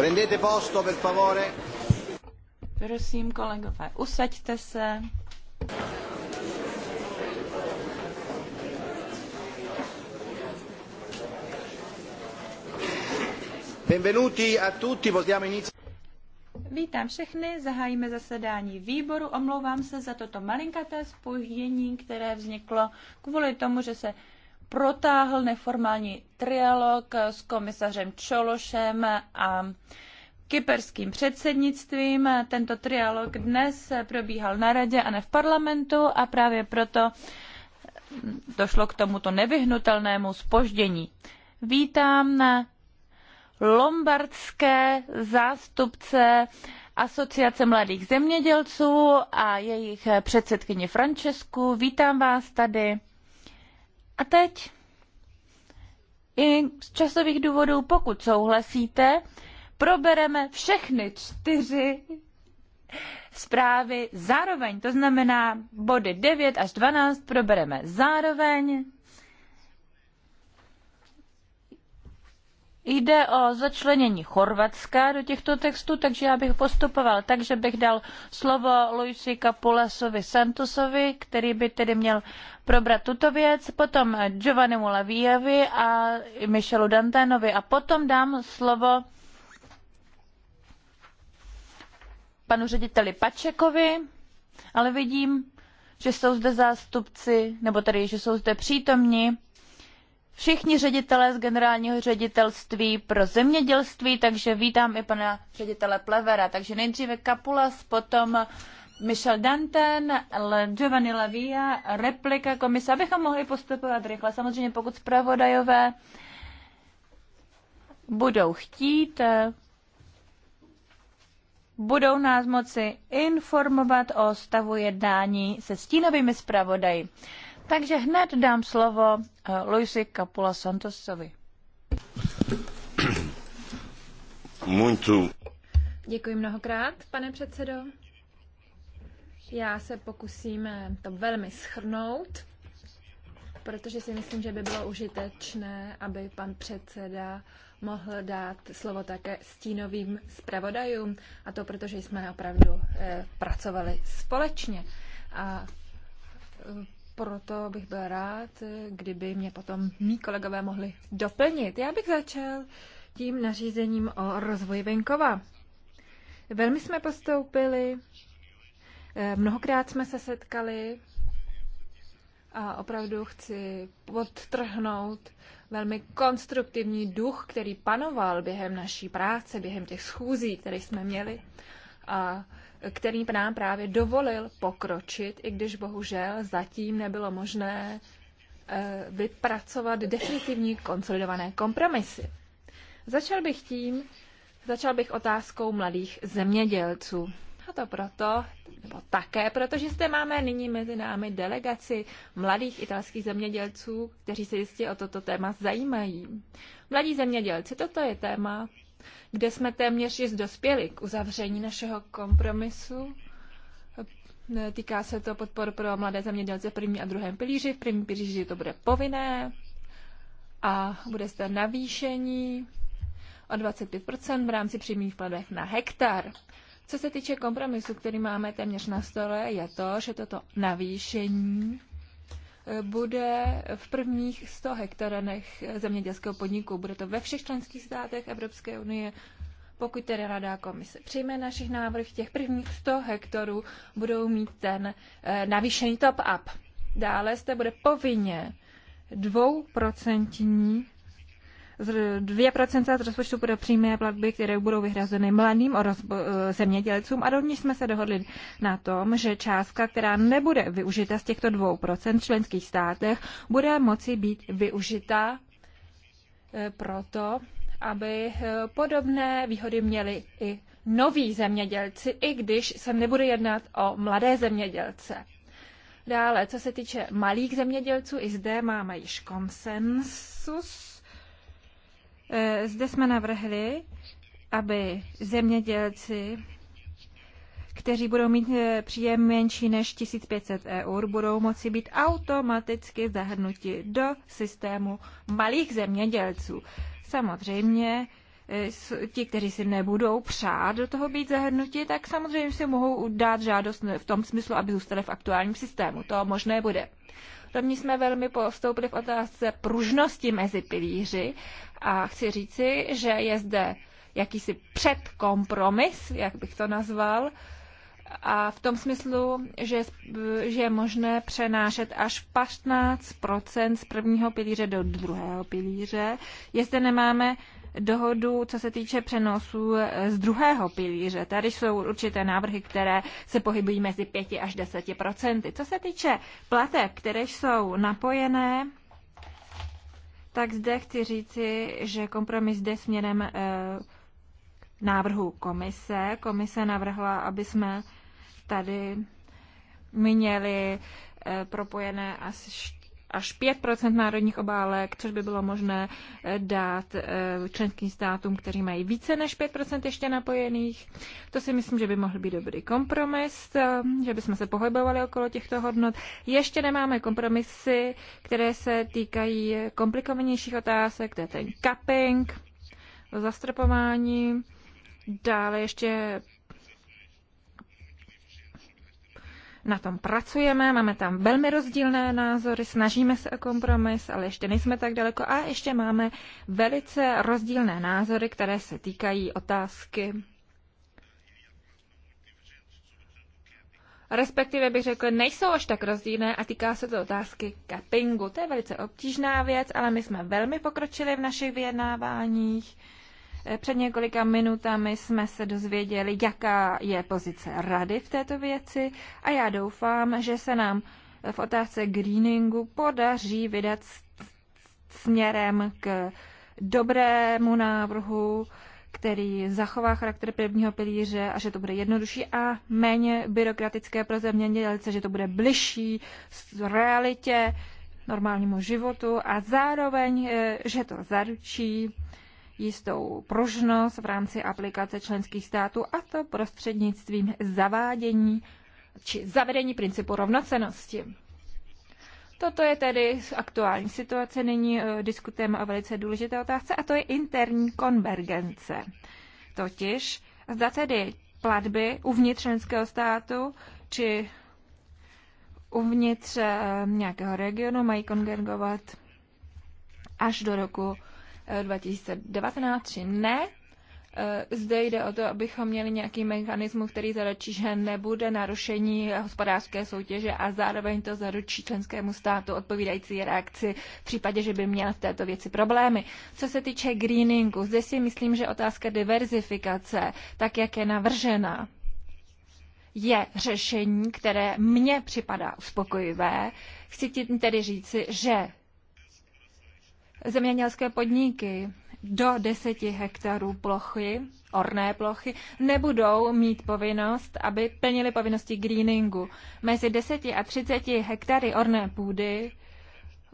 Prendete posto, per favore. Prosím, kolegové, usaďte se. Benvenuti a tutti, possiamo iniziare. Vítám všechny, zahájíme zasedání výboru. Omlouvám se za toto malinkaté spojení, které vzniklo kvůli tomu, že se protáhl neformální trialog s komisařem Čološem a kyperským předsednictvím. Tento trialog dnes probíhal na radě a ne v parlamentu a právě proto došlo k tomuto nevyhnutelnému spoždění. Vítám na lombardské zástupce Asociace mladých zemědělců a jejich předsedkyni Francesku. Vítám vás tady. A teď i z časových důvodů, pokud souhlasíte, probereme všechny čtyři zprávy zároveň. To znamená, body 9 až 12 probereme zároveň. Jde o začlenění Chorvatska do těchto textů, takže já bych postupoval tak, že bych dal slovo Luisi Capulasovi Santosovi, který by tedy měl probrat tuto věc, potom Giovannimu Lavíjevi a Michelu Dantanovi a potom dám slovo panu řediteli Pačekovi, ale vidím, že jsou zde zástupci, nebo tedy, že jsou zde přítomní všichni ředitelé z generálního ředitelství pro zemědělství, takže vítám i pana ředitele Plevera. Takže nejdříve Kapulas, potom Michel Danten, Giovanni Lavia, replika komise, abychom mohli postupovat rychle. Samozřejmě pokud zpravodajové budou chtít, budou nás moci informovat o stavu jednání se stínovými zpravodaji. Takže hned dám slovo eh, Luisi Capula Santosovi. Muito. Děkuji mnohokrát, pane předsedo. Já se pokusím eh, to velmi schrnout, protože si myslím, že by bylo užitečné, aby pan předseda mohl dát slovo také stínovým zpravodajům, a to protože jsme opravdu eh, pracovali společně. A proto bych byl rád, kdyby mě potom mý kolegové mohli doplnit. Já bych začal tím nařízením o rozvoji venkova. Velmi jsme postoupili, eh, mnohokrát jsme se setkali a opravdu chci podtrhnout velmi konstruktivní duch, který panoval během naší práce, během těch schůzí, které jsme měli. A který nám právě dovolil pokročit, i když bohužel zatím nebylo možné eh, vypracovat definitivní konsolidované kompromisy. Začal bych tím, začal bych otázkou mladých zemědělců. A to proto, nebo také, protože zde máme nyní mezi námi delegaci mladých italských zemědělců, kteří se jistě o toto téma zajímají. Mladí zemědělci, toto je téma, kde jsme téměř již dospěli k uzavření našeho kompromisu. Týká se to podpor pro mladé zemědělce v prvním a druhém pilíři. V prvním pilíři to bude povinné a bude zde navýšení o 25 v rámci přímých plateb na hektar. Co se týče kompromisu, který máme téměř na stole, je to, že toto navýšení bude v prvních 100 hektarenech zemědělského podniku. Bude to ve všech členských státech Evropské unie. Pokud tedy Rada komise přijme našich návrh, těch prvních 100 hektarů budou mít ten eh, navýšený top-up. Dále zde bude povinně dvouprocentní 2% z rozpočtu pro přímé platby, které budou vyhrazeny mladým eh, zemědělcům a rovněž jsme se dohodli na tom, že částka, která nebude využita z těchto 2% v členských státech, bude moci být využita eh, proto, aby eh, podobné výhody měli i noví zemědělci, i když se nebude jednat o mladé zemědělce. Dále, co se týče malých zemědělců, i zde máme již konsensus Eh, zde jsme navrhli, aby zemědělci, kteří budou mít eh, příjem menší než 1500 eur, budou moci být automaticky zahrnuti do systému malých zemědělců. Samozřejmě eh, ti, kteří si nebudou přát do toho být zahrnuti, tak samozřejmě si mohou dát žádost v tom smyslu, aby zůstali v aktuálním systému. To možné bude. Rovněž jsme velmi postoupili v otázce pružnosti mezi pilíři a chci říci, že je zde jakýsi předkompromis, jak bych to nazval, a v tom smyslu, že, že je možné přenášet až 15 z prvního pilíře do druhého pilíře. Jestli nemáme dohodu, co se týče přenosu e, z druhého pilíře. Tady jsou určité návrhy, které se pohybují mezi 5 až 10 Co se týče platek, které jsou napojené tak zde chci říci, že kompromis jde směrem eh, návrhu komise. Komise navrhla, aby jsme tady měli eh, propojené asi až 5 národních obálek, což by bylo možné eh, dát eh, členským státům, kteří mají více než 5 ještě napojených. To si myslím, že by mohl být dobrý kompromis, eh, že bychom se pohybovali okolo těchto hodnot. Ještě nemáme kompromisy, které se týkají komplikovanějších otázek, to je ten cupping, zastropování, dále ještě na tom pracujeme, máme tam velmi rozdílné názory, snažíme se o kompromis, ale ještě nejsme tak daleko a ještě máme velice rozdílné názory, které se týkají otázky respektive bych řekl, nejsou až tak rozdílné a týká se to otázky cappingu. To je velice obtížná věc, ale my jsme velmi pokročili v našich vyjednáváních. Eh, před několika minutami jsme se dozvěděli, jaká je pozice rady v této věci a já doufám, že se nám eh, v otázce greeningu podaří vydat směrem k dobrému návrhu, který zachová charakter prvního pilíře a že to bude jednodušší a méně byrokratické pro zemědělce, že to bude bližší realitě, normálnímu životu a zároveň, eh, že to zaručí jistou pružnost v rámci aplikace členských států a to prostřednictvím zavádění či zavedení principu rovnocenosti. Toto je tedy aktuální situace. Nyní eh, diskutujeme o velice důležité otázce a to je interní konvergence. Totiž zda tedy platby uvnitř členského státu či uvnitř eh, nějakého regionu mají konvergovat až do roku 2019 či ne. Eh, zde jde o to, abychom měli nějaký mechanismus, který zaručí, že nebude narušení hospodářské soutěže a zároveň to zaručí členskému státu odpovídající reakci v případě, že by měl v této věci problémy. Co se týče greeningu, zde si myslím, že otázka diverzifikace, tak jak je navržena, je řešení, které mně připadá uspokojivé. Chci tím tedy říci, že zemědělské podniky do 10 hektarů plochy, orné plochy, nebudou mít povinnost, aby plnili povinnosti greeningu. Mezi 10 a 30 hektary orné půdy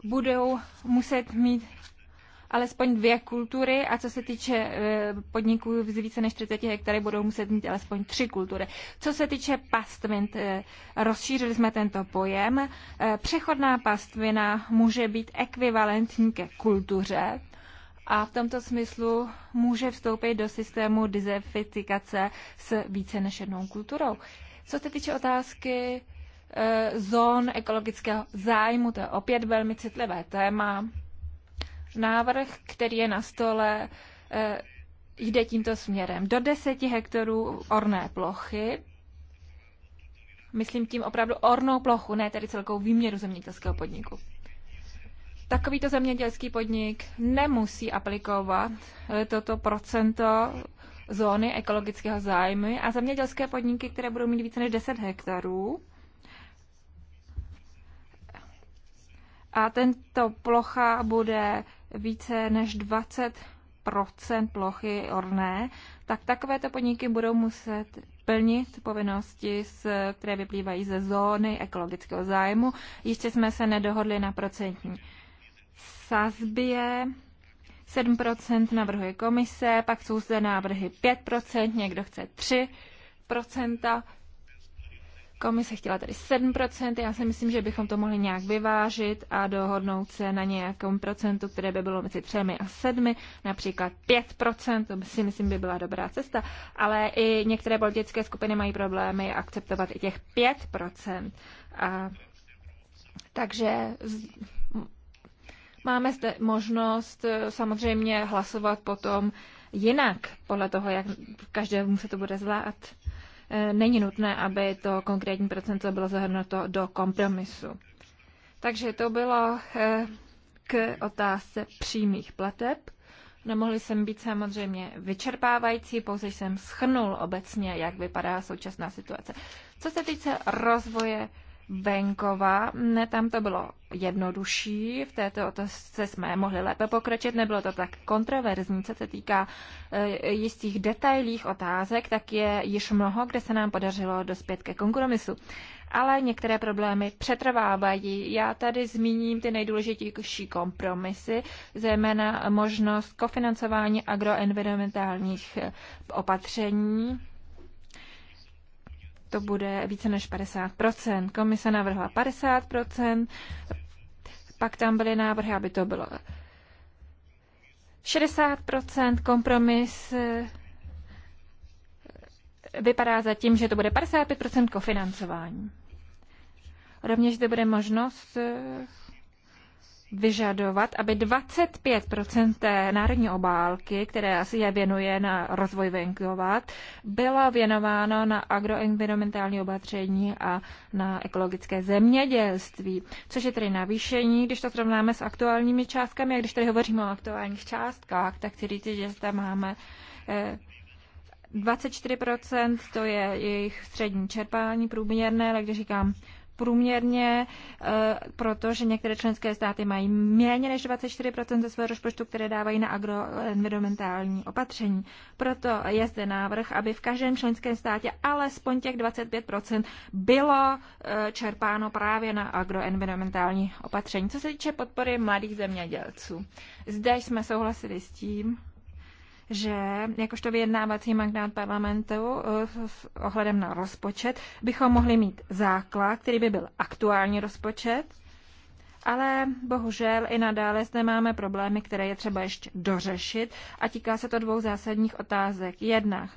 budou muset mít alespoň dvě kultury a co se týče e, podniků z více než 30 hektary, budou muset mít alespoň tři kultury. Co se týče pastvin, e, rozšířili jsme tento pojem. E, přechodná pastvina může být ekvivalentní ke kultuře a v tomto smyslu může vstoupit do systému dizertifikace s více než jednou kulturou. Co se týče otázky zón ekologického zájmu, to je opět velmi citlivé téma. Návrh, který je na stole, eh, jde tímto směrem. Do 10 hektarů orné plochy, myslím tím opravdu ornou plochu, ne tedy celkou výměru zemědělského podniku. Takovýto zemědělský podnik nemusí aplikovat eh, toto procento zóny ekologického zájmu a zemědělské podniky, které budou mít více než 10 hektarů, a tento plocha bude více než 20 plochy orné, tak takovéto podniky budou muset plnit povinnosti, které vyplývají ze zóny ekologického zájmu. Ještě jsme se nedohodli na procentní sazbě. 7% navrhuje komise, pak jsou zde návrhy 5%, někdo chce 3%. Komise chtěla tady 7%, já si myslím, že bychom to mohli nějak vyvážit a dohodnout se na nějakém procentu, které by bylo mezi 3 a 7, například 5%, to si myslím by byla dobrá cesta, ale i některé politické skupiny mají problémy akceptovat i těch 5%. A, takže máme zde možnost eh, samozřejmě hlasovat potom jinak, podle toho, jak každému se to bude zvládat není nutné, aby to konkrétní procento bylo zahrnuto do kompromisu. Takže to bylo eh, k otázce přímých plateb. Nemohli jsem být samozřejmě vyčerpávající, pouze jsem schrnul obecně, jak vypadá současná situace. Co se týče rozvoje venkova. Tam to bylo jednodušší, v této otázce jsme mohli lépe pokračovat, nebylo to tak kontroverzní, co se týká eh, jistých detailních otázek, tak je již mnoho, kde se nám podařilo dospět ke kompromisu. Ale některé problémy přetrvávají. Já tady zmíním ty nejdůležitější kompromisy, zejména možnost kofinancování agroenvironmentálních eh, opatření, to bude více než 50%. Komise navrhla 50%, pak tam byly návrhy, aby to bylo 60%, kompromis eh, vypadá zatím, že to bude 55% kofinancování. Rovněž zde bude možnost eh, vyžadovat, aby 25 té národní obálky, které asi je věnuje na rozvoj venkovat, byla věnováno na agroenvironmentální opatření a na ekologické zemědělství, což je tedy navýšení, když to srovnáme s aktuálními částkami. A když tady hovoříme o aktuálních částkách, tak chci říct, že tam máme 24 eh, to je jejich střední čerpání průměrné, ale když říkám průměrně, eh, protože některé členské státy mají méně než 24% ze svého rozpočtu, které dávají na agroenvironmentální opatření. Proto je zde návrh, aby v každém členském státě alespoň těch 25% bylo eh, čerpáno právě na agroenvironmentální opatření. Co se týče podpory mladých zemědělců, zde jsme souhlasili s tím, že jakožto vyjednávací magnát parlamentu eh, s ohledem na rozpočet bychom mohli mít základ, který by byl aktuální rozpočet, ale bohužel i nadále zde máme problémy, které je třeba ještě dořešit a týká se to dvou zásadních otázek. Jedna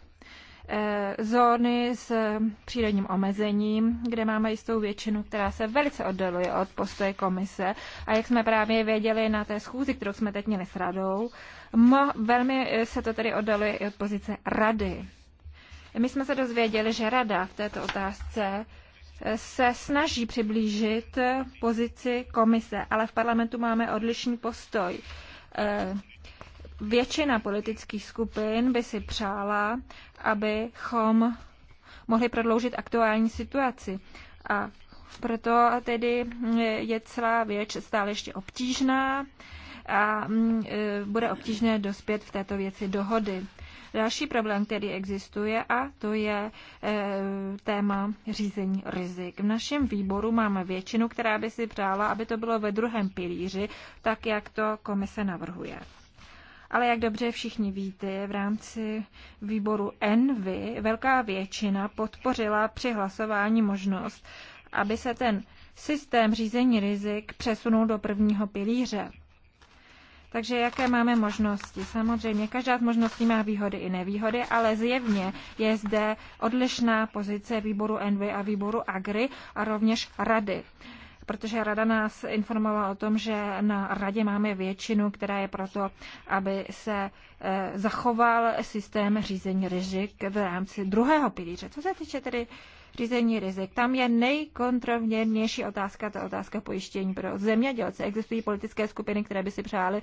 eh, zóny s přírodním omezením, kde máme jistou většinu, která se velice oddaluje od postoje komise. A jak jsme právě věděli na té schůzi, kterou jsme teď měli s radou, Mo, velmi eh, se to tedy oddaluje i od pozice rady. My jsme se dozvěděli, že rada v této otázce eh, se snaží přiblížit eh, pozici komise, ale v parlamentu máme odlišný postoj. Většina politických skupin by si přála, abychom mohli prodloužit aktuální situaci. A proto tedy je celá věc stále ještě obtížná a mm, e, bude obtížné dospět v této věci dohody. Další problém, který existuje, a to je e, téma řízení rizik. V našem výboru máme většinu, která by si přála, aby to bylo ve druhém pilíři, tak jak to komise navrhuje. Ale jak dobře všichni víte, v rámci výboru ENVY velká většina podpořila při hlasování možnost, aby se ten systém řízení rizik přesunul do prvního pilíře. Takže jaké máme možnosti? Samozřejmě každá z možností má výhody i nevýhody, ale zjevně je zde odlišná pozice výboru Envy a výboru Agri a rovněž rady protože rada nás informovala o tom, že na radě máme většinu, která je proto, aby se eh, zachoval systém řízení rizik v rámci druhého pilíře. Co se týče tedy řízení rizik. Tam je nejkontrovernější otázka, ta otázka pojištění pro zemědělce. Existují politické skupiny, které by si přáli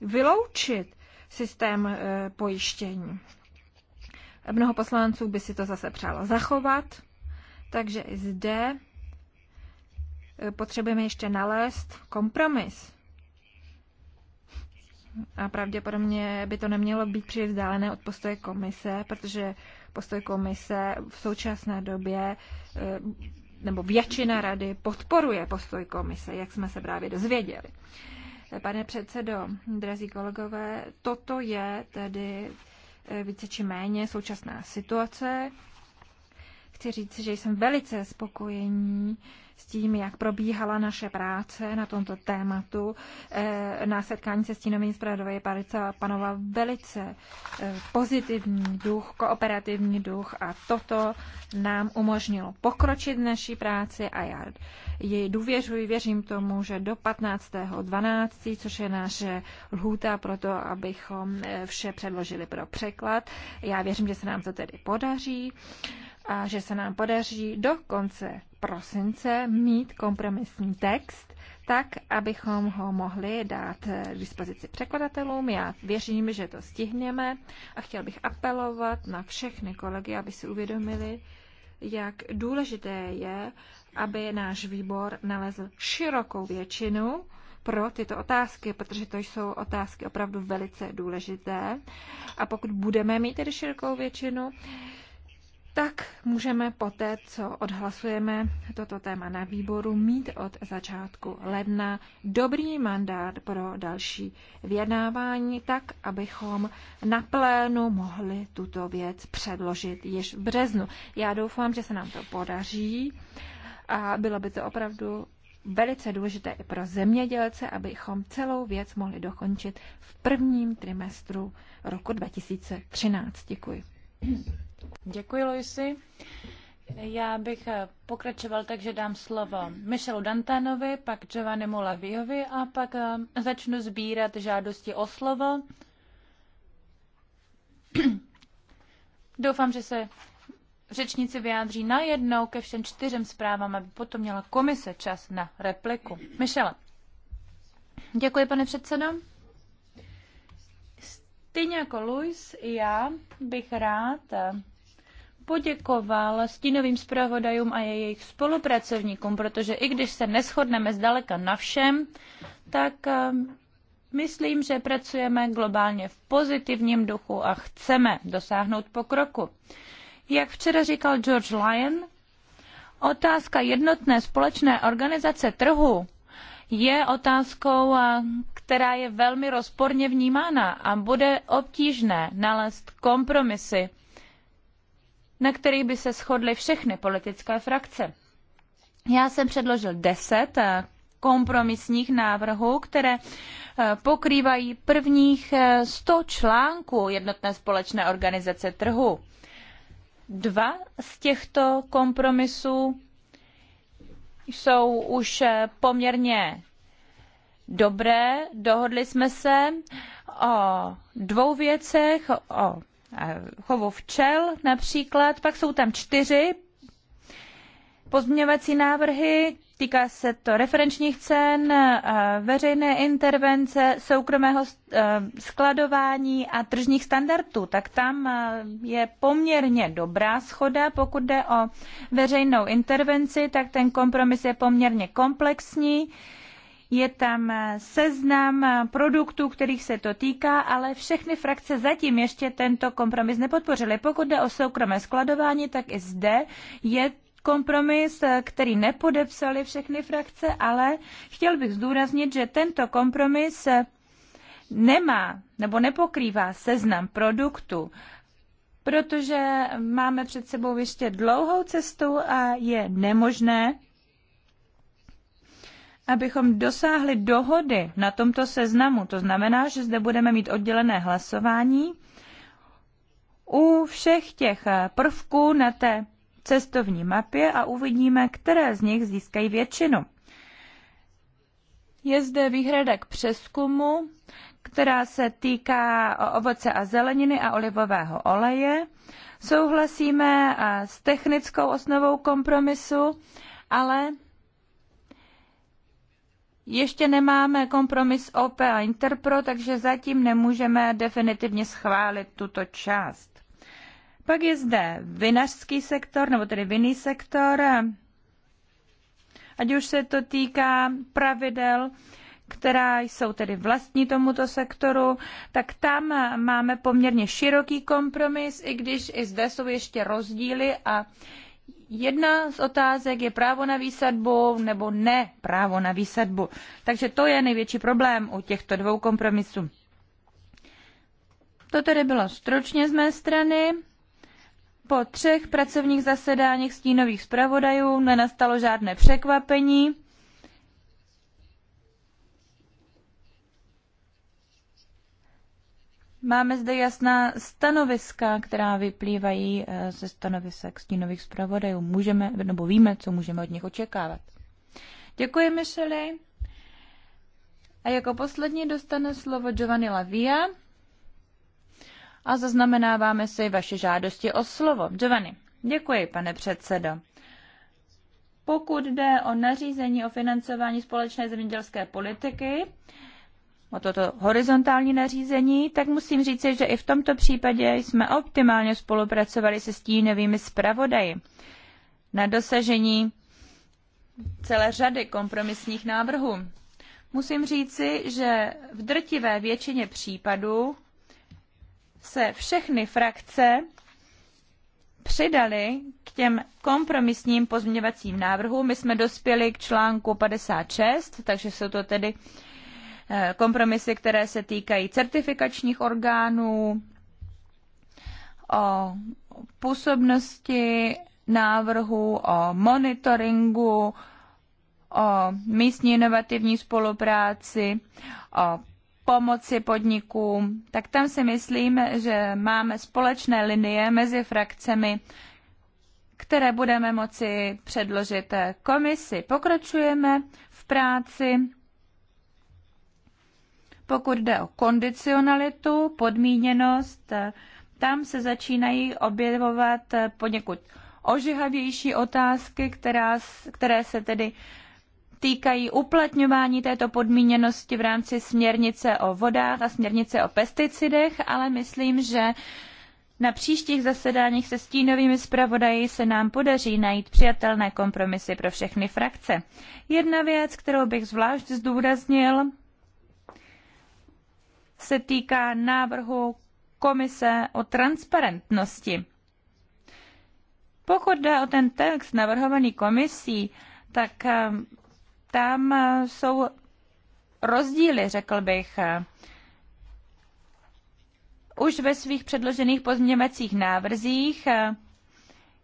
vyloučit systém e, pojištění. Mnoho poslanců by si to zase přálo zachovat, takže i zde e, potřebujeme ještě nalézt kompromis a pravděpodobně by to nemělo být příliš vzdálené od postoje komise, protože postoj komise v současné době eh, nebo většina rady podporuje postoj komise, jak jsme se právě dozvěděli. Pane předsedo, drazí kolegové, toto je tedy eh, více či méně současná situace. Chci říct, že jsem velice spokojení s tím, jak probíhala naše práce na tomto tématu. Eh, na setkání se stínovým zpravodajem parice panoval velice eh, pozitivní duch, kooperativní duch a toto nám umožnilo pokročit v naší práci a já jej důvěřuji, věřím tomu, že do 15.12., což je naše lhůta pro to, abychom eh, vše předložili pro překlad. Já věřím, že se nám to tedy podaří a že se nám podaří do konce prosince mít kompromisní text, tak, abychom ho mohli dát eh, k dispozici překladatelům. Já věřím, že to stihneme a chtěl bych apelovat na všechny kolegy, aby si uvědomili, jak důležité je, aby náš výbor nalezl širokou většinu pro tyto otázky, protože to jsou otázky opravdu velice důležité. A pokud budeme mít tedy širokou většinu, tak můžeme poté, co odhlasujeme toto téma na výboru, mít od začátku ledna dobrý mandát pro další vyjednávání, tak abychom na plénu mohli tuto věc předložit již v březnu. Já doufám, že se nám to podaří a bylo by to opravdu velice důležité i pro zemědělce, abychom celou věc mohli dokončit v prvním trimestru roku 2013. Děkuji. Děkuji, Loisi. Já bych pokračoval, takže dám slovo Michelu Dantanovi, pak Giovanni Mulaviovi a pak eh, začnu sbírat žádosti o slovo. Doufám, že se řečníci vyjádří najednou ke všem čtyřem zprávám, aby potom měla komise čas na repliku. Michele. Děkuji, pane předsedo. Stejně jako Luis, já bych rád eh, poděkoval stínovým zpravodajům a jejich spolupracovníkům, protože i když se neschodneme zdaleka na všem, tak eh, myslím, že pracujeme globálně v pozitivním duchu a chceme dosáhnout pokroku. Jak včera říkal George Lyon, otázka jednotné společné organizace trhu je otázkou, eh, která je velmi rozporně vnímána a bude obtížné nalézt kompromisy na kterých by se shodly všechny politické frakce. Já jsem předložil deset eh, kompromisních návrhů, které eh, pokrývají prvních 100 eh, článků jednotné společné organizace trhu. Dva z těchto kompromisů jsou už poměrně dobré. Dohodli jsme se o dvou věcech, o Eh, chovu včel například, pak jsou tam čtyři pozměňovací návrhy, týká se to referenčních cen, eh, veřejné intervence, soukromého eh, skladování a tržních standardů. Tak tam je poměrně dobrá schoda. Pokud jde o veřejnou intervenci, tak ten kompromis je poměrně komplexní je tam seznam produktů, kterých se to týká, ale všechny frakce zatím ještě tento kompromis nepodpořily. Pokud jde o soukromé skladování, tak i zde je kompromis, který nepodepsali všechny frakce, ale chtěl bych zdůraznit, že tento kompromis nemá nebo nepokrývá seznam produktů, protože máme před sebou ještě dlouhou cestu a je nemožné abychom dosáhli dohody na tomto seznamu. To znamená, že zde budeme mít oddělené hlasování u všech těch prvků na té cestovní mapě a uvidíme, které z nich získají většinu. Je zde výhrada k přeskumu, která se týká ovoce a zeleniny a olivového oleje. Souhlasíme s technickou osnovou kompromisu, ale ještě nemáme kompromis OP a Interpro, takže zatím nemůžeme definitivně schválit tuto část. Pak je zde vinařský sektor, nebo tedy vinný sektor, ať už se to týká pravidel, která jsou tedy vlastní tomuto sektoru, tak tam máme poměrně široký kompromis, i když i zde jsou ještě rozdíly a Jedna z otázek je právo na výsadbu nebo ne právo na výsadbu. Takže to je největší problém u těchto dvou kompromisů. To tedy bylo stručně z mé strany. Po třech pracovních zasedáních stínových zpravodajů nenastalo žádné překvapení. Máme zde jasná stanoviska, která vyplývají eh, ze stanovisek stínových zpravodajů. Můžeme, nebo víme, co můžeme od nich očekávat. Děkuji, Michele. A jako poslední dostane slovo Giovanni Lavia a zaznamenáváme si vaše žádosti o slovo. Giovanni, děkuji, pane předsedo. Pokud jde o nařízení o financování společné zemědělské politiky, o toto horizontální nařízení, tak musím říci, že i v tomto případě jsme optimálně spolupracovali se stínovými zpravodaji na dosažení celé řady kompromisních návrhů. Musím říci, že v drtivé většině případů se všechny frakce přidali k těm kompromisním pozměňovacím návrhům. My jsme dospěli k článku 56, takže jsou to tedy uh, kompromisy, které se týkají certifikačních orgánů, o působnosti návrhu, o monitoringu, o místní inovativní spolupráci, o pomoci podnikům, tak tam si myslím, že máme společné linie mezi frakcemi, které budeme moci předložit komisi. Pokračujeme v práci pokud jde o kondicionalitu, podmíněnost, tam se začínají objevovat poněkud ožihavější otázky, která, které se tedy týkají uplatňování této podmíněnosti v rámci směrnice o vodách a směrnice o pesticidech, ale myslím, že na příštích zasedáních se stínovými zpravodaji se nám podaří najít přijatelné kompromisy pro všechny frakce. Jedna věc, kterou bych zvlášť zdůraznil, se týká návrhu Komise o transparentnosti. Pokud jde o ten text navrhovaný komisí, tak eh, tam eh, jsou rozdíly, řekl bych. Už ve svých předložených pozměňovacích návrzích eh,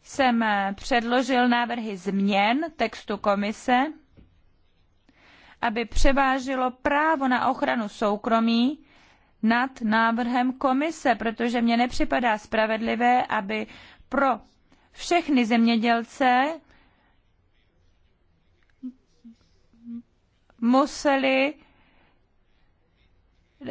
jsem předložil návrhy změn textu komise, aby převážilo právo na ochranu soukromí nad návrhem komise, protože mně nepřipadá spravedlivé, aby pro všechny zemědělce museli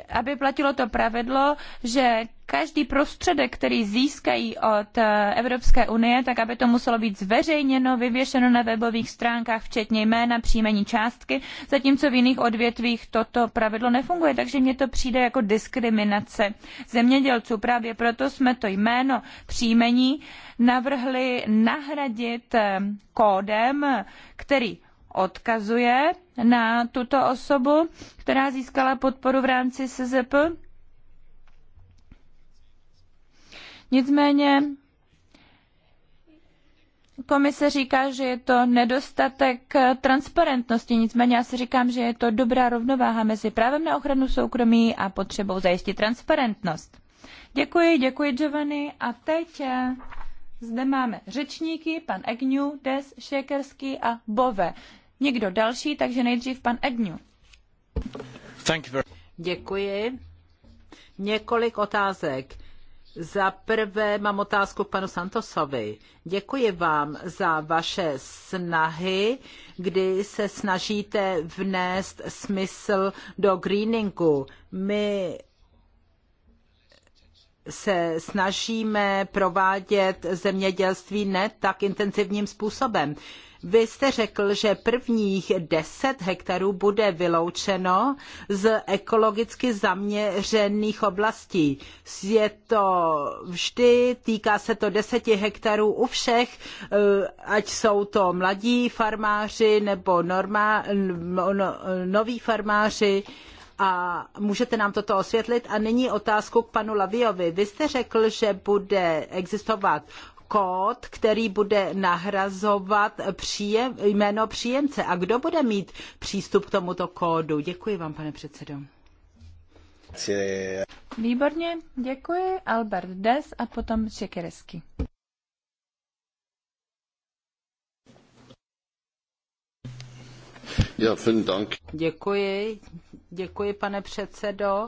aby platilo to pravidlo, že každý prostředek, který získají od eh, Evropské unie, tak aby to muselo být zveřejněno, vyvěšeno na webových stránkách, včetně jména, příjmení částky, zatímco v jiných odvětvích toto pravidlo nefunguje. Takže mně to přijde jako diskriminace zemědělců. Právě proto jsme to jméno, příjmení navrhli nahradit eh, kódem, který odkazuje na tuto osobu, která získala podporu v rámci SZP Nicméně komise říká, že je to nedostatek transparentnosti, nicméně já si říkám, že je to dobrá rovnováha mezi právem na ochranu soukromí a potřebou zajistit transparentnost. Děkuji, děkuji Giovanni. A teď eh, zde máme řečníky, pan Egnu, Des, Šekerský a Bove. Někdo další, takže nejdřív pan Egnu. Děkuji. Několik otázek. Za prvé mám otázku k panu Santosovi. Děkuji vám za vaše snahy, kdy se snažíte vnést smysl do greeningu. My se snažíme provádět zemědělství ne tak intenzivním způsobem. Vy jste řekl, že prvních 10 hektarů bude vyloučeno z ekologicky zaměřených oblastí. Je to vždy, týká se to 10 hektarů u všech, eh, ať jsou to mladí farmáři nebo norma no, noví farmáři a můžete nám toto osvětlit. A nyní otázku k panu Laviovi. Vy jste řekl, že bude existovat kód, který bude nahrazovat příjem, jméno příjemce. A kdo bude mít přístup k tomuto kódu? Děkuji vám, pane předsedo. Výborně, děkuji. Albert Des a potom Šekeresky. Děkuji, děkuji, pane předsedo.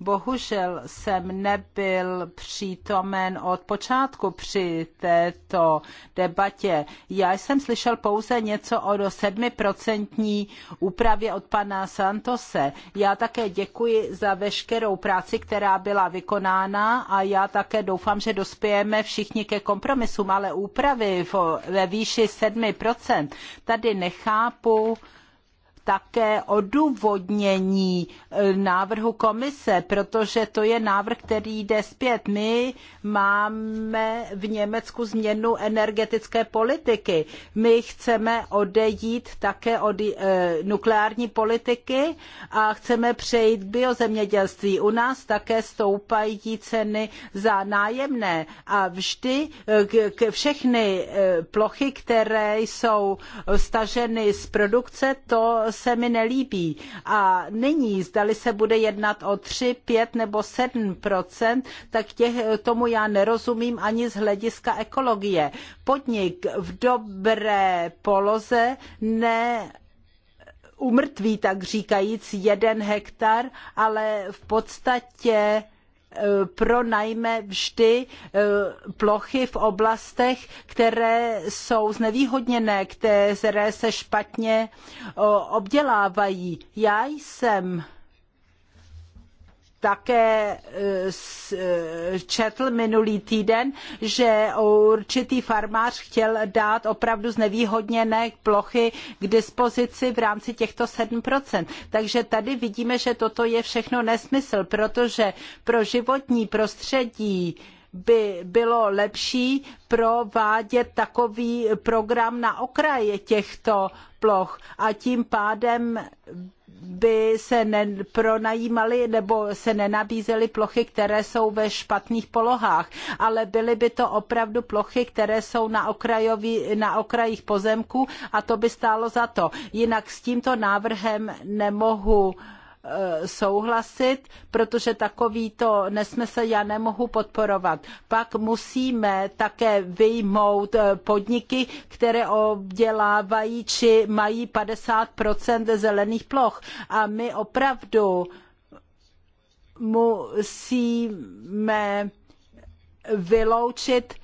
Bohužel jsem nebyl přítomen od počátku při této debatě. Já jsem slyšel pouze něco o 7% úpravě od pana Santose. Já také děkuji za veškerou práci, která byla vykonána a já také doufám, že dospějeme všichni ke kompromisům, ale úpravy ve výši 7%. Tady nechápu, také odůvodnění e, návrhu komise, protože to je návrh, který jde zpět. My máme v Německu změnu energetické politiky. My chceme odejít také od e, nukleární politiky a chceme přejít k biozemědělství. U nás také stoupají ceny za nájemné a vždy e, k, všechny plochy, které jsou staženy z produkce, to se mi nelíbí. A nyní, zdali se bude jednat o 3, 5 nebo 7 tak těch, tomu já nerozumím ani z hlediska ekologie. Podnik v dobré poloze ne umrtví, tak říkajíc, jeden hektar, ale v podstatě Eh, pronajme vždy eh, plochy v oblastech, které jsou znevýhodněné, které se špatně eh, obdělávají. Já jsem také eh, eh, četl minulý týden, že určitý farmář chtěl dát opravdu znevýhodněné plochy k dispozici v rámci těchto 7%. Takže tady vidíme, že toto je všechno nesmysl, protože pro životní prostředí by bylo lepší provádět takový program na okraji těchto ploch a tím pádem by se nepronajímaly nebo se nenabízely plochy, které jsou ve špatných polohách, ale byly by to opravdu plochy, které jsou na, okrajový na okrajích pozemků a to by stálo za to. Jinak s tímto návrhem nemohu uh, Eh, souhlasit, protože takovýto nesmysl já nemohu podporovat. Pak musíme také vyjmout eh, podniky, které obdělávají či mají 50 zelených ploch. A my opravdu musíme vyloučit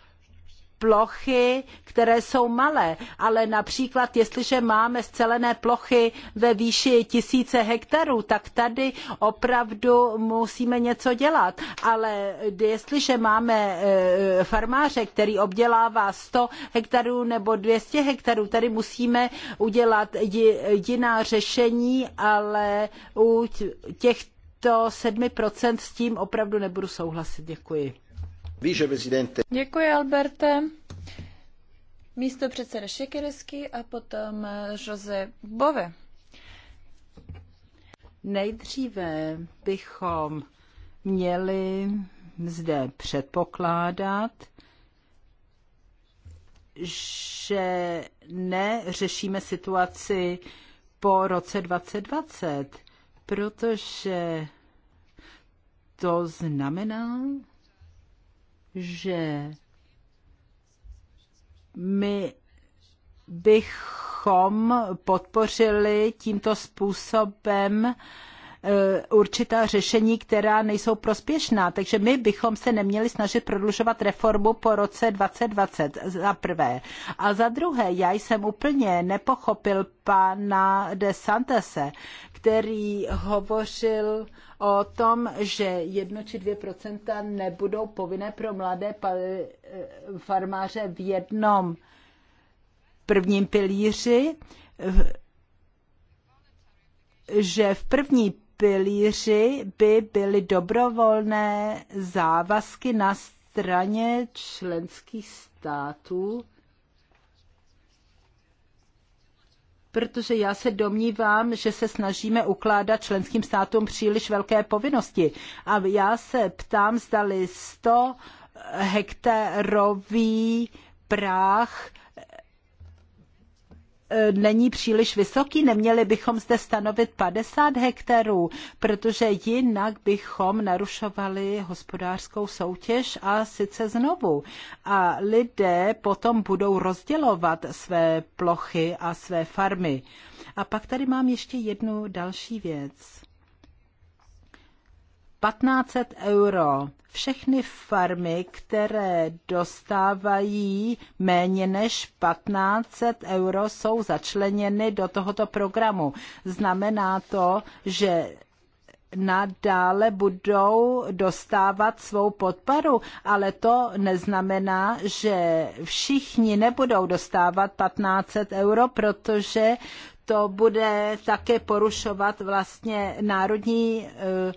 plochy, které jsou malé, ale například jestliže máme zcelené plochy ve výši tisíce hektarů, tak tady opravdu musíme něco dělat. Ale jestliže máme e, farmáře, který obdělává 100 hektarů nebo 200 hektarů, tady musíme udělat jiná řešení, ale u těchto 7% s tím opravdu nebudu souhlasit. Děkuji. Děkuji, Alberte. Místo předseda Šekeresky a potom eh, Jose Bove. Nejdříve bychom měli zde předpokládat, že neřešíme situaci po roce 2020, protože to znamená, že my bychom podpořili tímto způsobem eh, určitá řešení, která nejsou prospěšná. Takže my bychom se neměli snažit prodlužovat reformu po roce 2020 za prvé. A za druhé, já jsem úplně nepochopil pana de Santese, který hovořil o tom, že jedno či dvě procenta nebudou povinné pro mladé farmáře v jednom prvním pilíři, že v první pilíři by byly dobrovolné závazky na straně členských států protože já se domnívám, že se snažíme ukládat členským státům příliš velké povinnosti. A já se ptám, zdali 100 hektarový práh E, není příliš vysoký, neměli bychom zde stanovit 50 hektarů, protože jinak bychom narušovali hospodářskou soutěž a sice znovu. A lidé potom budou rozdělovat své plochy a své farmy. A pak tady mám ještě jednu další věc. 1500 euro. Všechny farmy, které dostávají méně než 1500 euro, jsou začleněny do tohoto programu. Znamená to, že nadále budou dostávat svou podporu, ale to neznamená, že všichni nebudou dostávat 1500 euro, protože to bude také porušovat vlastně národní uh,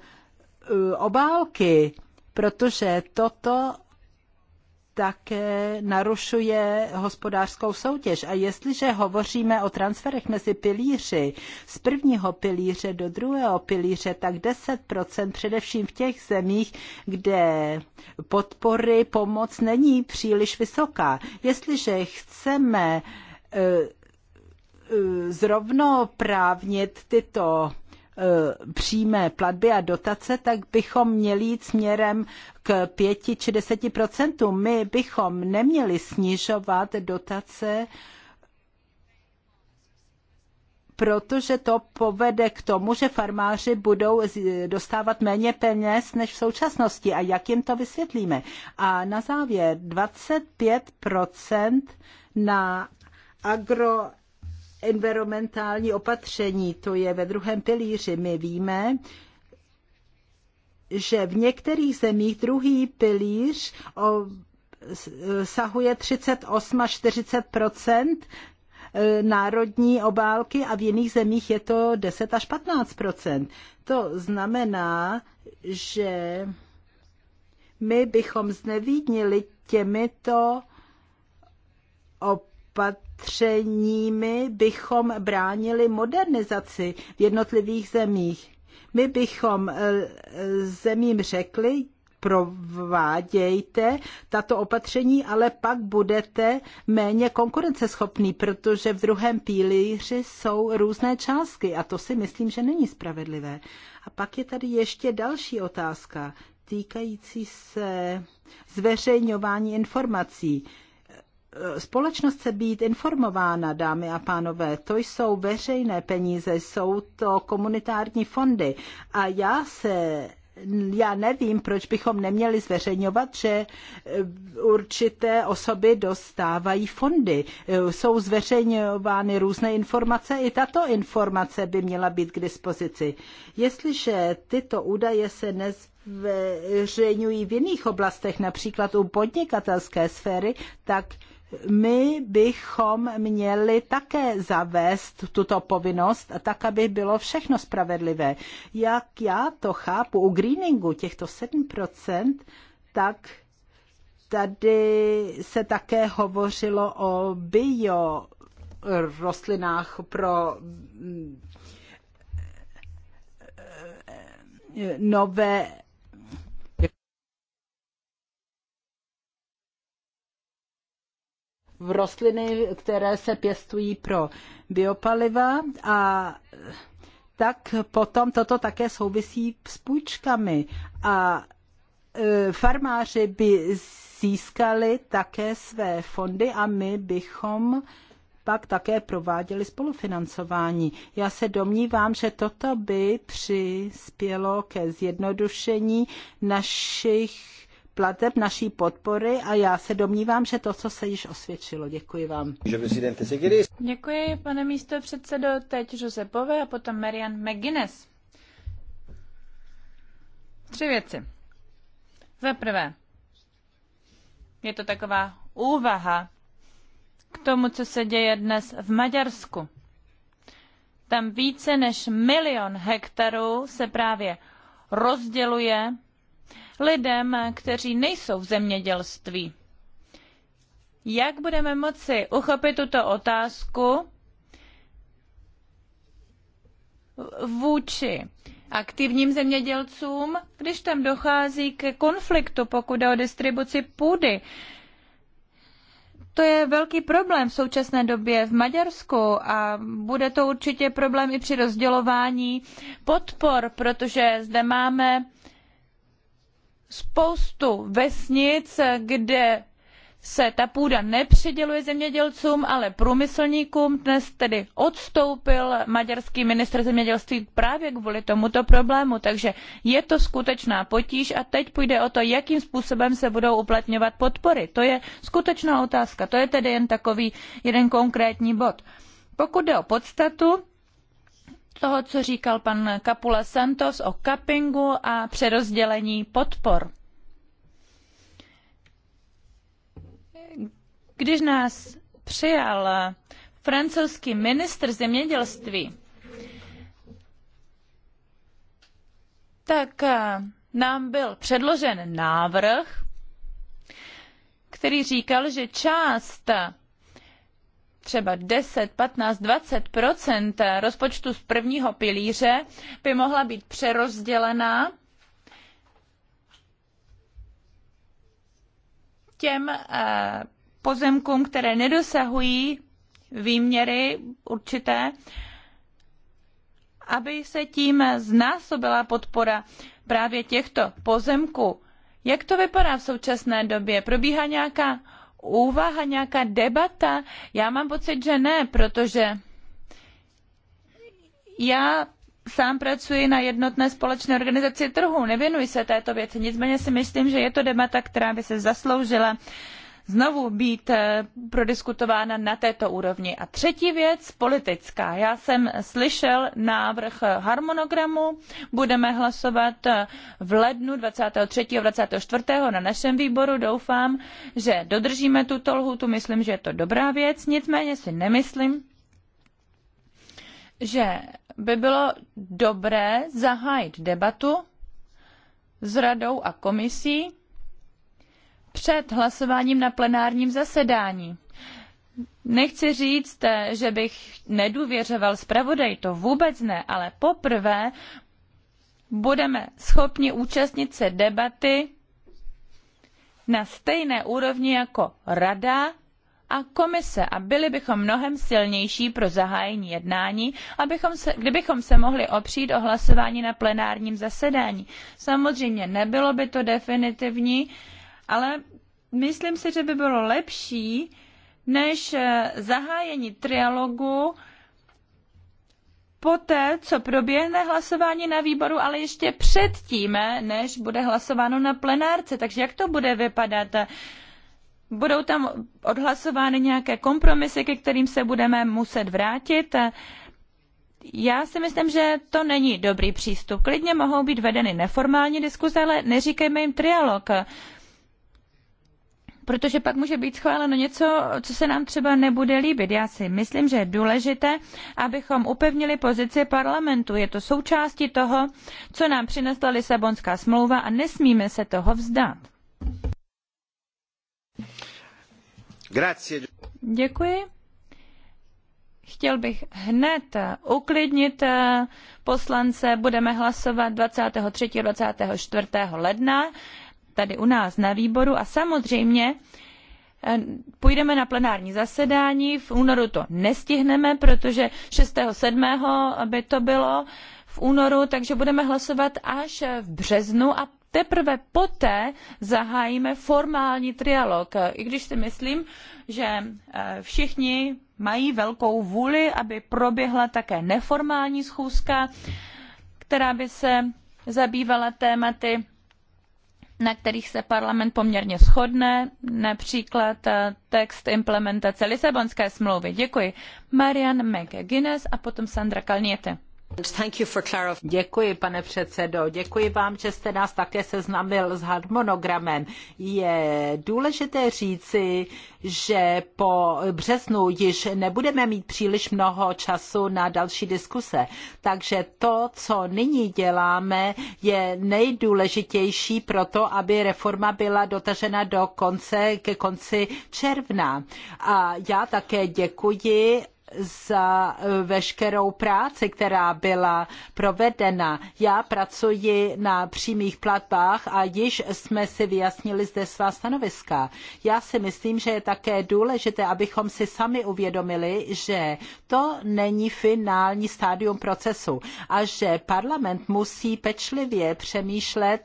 Eh, obálky, protože toto také narušuje hospodářskou soutěž. A jestliže hovoříme o transferech mezi pilíři z prvního pilíře do druhého pilíře, tak 10% především v těch zemích, kde podpory, pomoc není příliš vysoká. Jestliže chceme eh, eh, zrovnoprávnit tyto Eh, přímé platby a dotace, tak bychom měli jít směrem k 5 či 10 My bychom neměli snižovat dotace protože to povede k tomu, že farmáři budou dostávat méně peněz než v současnosti. A jak jim to vysvětlíme? A na závěr 25 na agro environmentální opatření, to je ve druhém pilíři, my víme, že v některých zemích druhý pilíř sahuje 38 až 40 e, národní obálky a v jiných zemích je to 10 až 15 To znamená, že my bychom znevídnili těmito opatřeními opatřeními bychom bránili modernizaci v jednotlivých zemích. My bychom eh, zemím řekli, provádějte tato opatření, ale pak budete méně konkurenceschopný, protože v druhém pílíři jsou různé částky a to si myslím, že není spravedlivé. A pak je tady ještě další otázka týkající se zveřejňování informací. E, společnost se být informována, dámy a pánové. To jsou veřejné peníze, jsou to komunitární fondy. A já se já nevím, proč bychom neměli zveřejňovat, že e, určité osoby dostávají fondy. E, jsou zveřejňovány různé informace, i tato informace by měla být k dispozici. Jestliže tyto údaje se nezveřejňují v jiných oblastech, například u podnikatelské sféry, tak my bychom měli také zavést tuto povinnost, tak aby bylo všechno spravedlivé. Jak já to chápu u greeningu těchto 7%, tak tady se také hovořilo o bio rostlinách pro mm, e, nové v rostliny, které se pěstují pro biopaliva a tak potom toto také souvisí s půjčkami a e, farmáři by získali také své fondy a my bychom pak také prováděli spolufinancování. Já se domnívám, že toto by přispělo ke zjednodušení našich plateb, naší podpory a já se domnívám, že to, co se již osvědčilo. Děkuji vám. Děkuji, pane místo předsedo. Teď Josepové a potom Marian McGuinness. Tři věci. Za prvé, je to taková úvaha k tomu, co se děje dnes v Maďarsku. Tam více než milion hektarů se právě rozděluje lidem, kteří nejsou v zemědělství. Jak budeme moci uchopit tuto otázku vůči aktivním zemědělcům, když tam dochází ke konfliktu, pokud jde o distribuci půdy? To je velký problém v současné době v Maďarsku a bude to určitě problém i při rozdělování podpor, protože zde máme spoustu vesnic, kde se ta půda nepřiděluje zemědělcům, ale průmyslníkům. Dnes tedy odstoupil maďarský ministr zemědělství právě kvůli tomuto problému, takže je to skutečná potíž a teď půjde o to, jakým způsobem se budou uplatňovat podpory. To je skutečná otázka, to je tedy jen takový jeden konkrétní bod. Pokud jde o podstatu, toho, co říkal pan Kapula Santos o cuppingu a přerozdělení podpor. Když nás přijal francouzský ministr zemědělství, tak eh, nám byl předložen návrh, který říkal, že část třeba 10, 15, 20 rozpočtu z prvního pilíře by mohla být přerozdělena těm eh, pozemkům, které nedosahují výměry určité, aby se tím znásobila podpora právě těchto pozemků. Jak to vypadá v současné době? Probíhá nějaká úvaha, nějaká debata? Já mám pocit, že ne, protože já sám pracuji na jednotné společné organizaci trhu, nevěnuji se této věci, nicméně si myslím, že je to debata, která by se zasloužila znovu být eh, prodiskutována na této úrovni. A třetí věc, politická. Já jsem slyšel návrh harmonogramu, budeme hlasovat eh, v lednu three a four na našem výboru. Doufám, že dodržíme tuto lhůtu, myslím, že je to dobrá věc, nicméně si nemyslím, že by bylo dobré zahájit debatu s radou a komisí před hlasováním na plenárním zasedání. Nechci říct, eh, že bych nedůvěřoval zpravodaj, to vůbec ne, ale poprvé budeme schopni účastnit se debaty na stejné úrovni jako rada a komise a byli bychom mnohem silnější pro zahájení jednání, abychom se, kdybychom se mohli opřít o hlasování na plenárním zasedání. Samozřejmě nebylo by to definitivní, ale myslím si, že by bylo lepší, než eh, zahájení trialogu poté, co proběhne hlasování na výboru, ale ještě předtím, eh, než bude hlasováno na plenárce. Takže jak to bude vypadat? Budou tam odhlasovány nějaké kompromisy, ke kterým se budeme muset vrátit? Já si myslím, že to není dobrý přístup. Klidně mohou být vedeny neformální diskuze, ale neříkejme jim trialog protože pak může být schváleno něco, co se nám třeba nebude líbit. Já si myslím, že je důležité, abychom upevnili pozici parlamentu. Je to součástí toho, co nám přinesla Lisabonská smlouva a nesmíme se toho vzdát. Děkuji. Chtěl bych hned uklidnit eh, poslance. Budeme hlasovat 23. a 24. ledna tady u nás na výboru a samozřejmě eh, půjdeme na plenární zasedání, v únoru to nestihneme, protože šestého sedmého by to bylo v únoru, takže budeme hlasovat až v březnu a teprve poté zahájíme formální trialog. I když si myslím, že eh, všichni mají velkou vůli, aby proběhla také neformální schůzka, která by se zabývala tématy na kterých se parlament poměrně shodne, například eh, text implementace Lisabonské smlouvy. Děkuji. Marian McGuinness a potom Sandra Kalniete. Děkuji, pane předsedo. Děkuji vám, že jste nás také seznámil s harmonogramem. Je důležité říci, že po březnu již nebudeme mít příliš mnoho času na další diskuse. Takže to, co nyní děláme, je nejdůležitější pro to, aby reforma byla dotažena do konce, ke konci června. A já také děkuji za eh, veškerou práci, která byla provedena. Já pracuji na přímých platbách a již jsme si vyjasnili zde svá stanoviska. Já si myslím, že je také důležité, abychom si sami uvědomili, že to není finální stádium procesu a že parlament musí pečlivě přemýšlet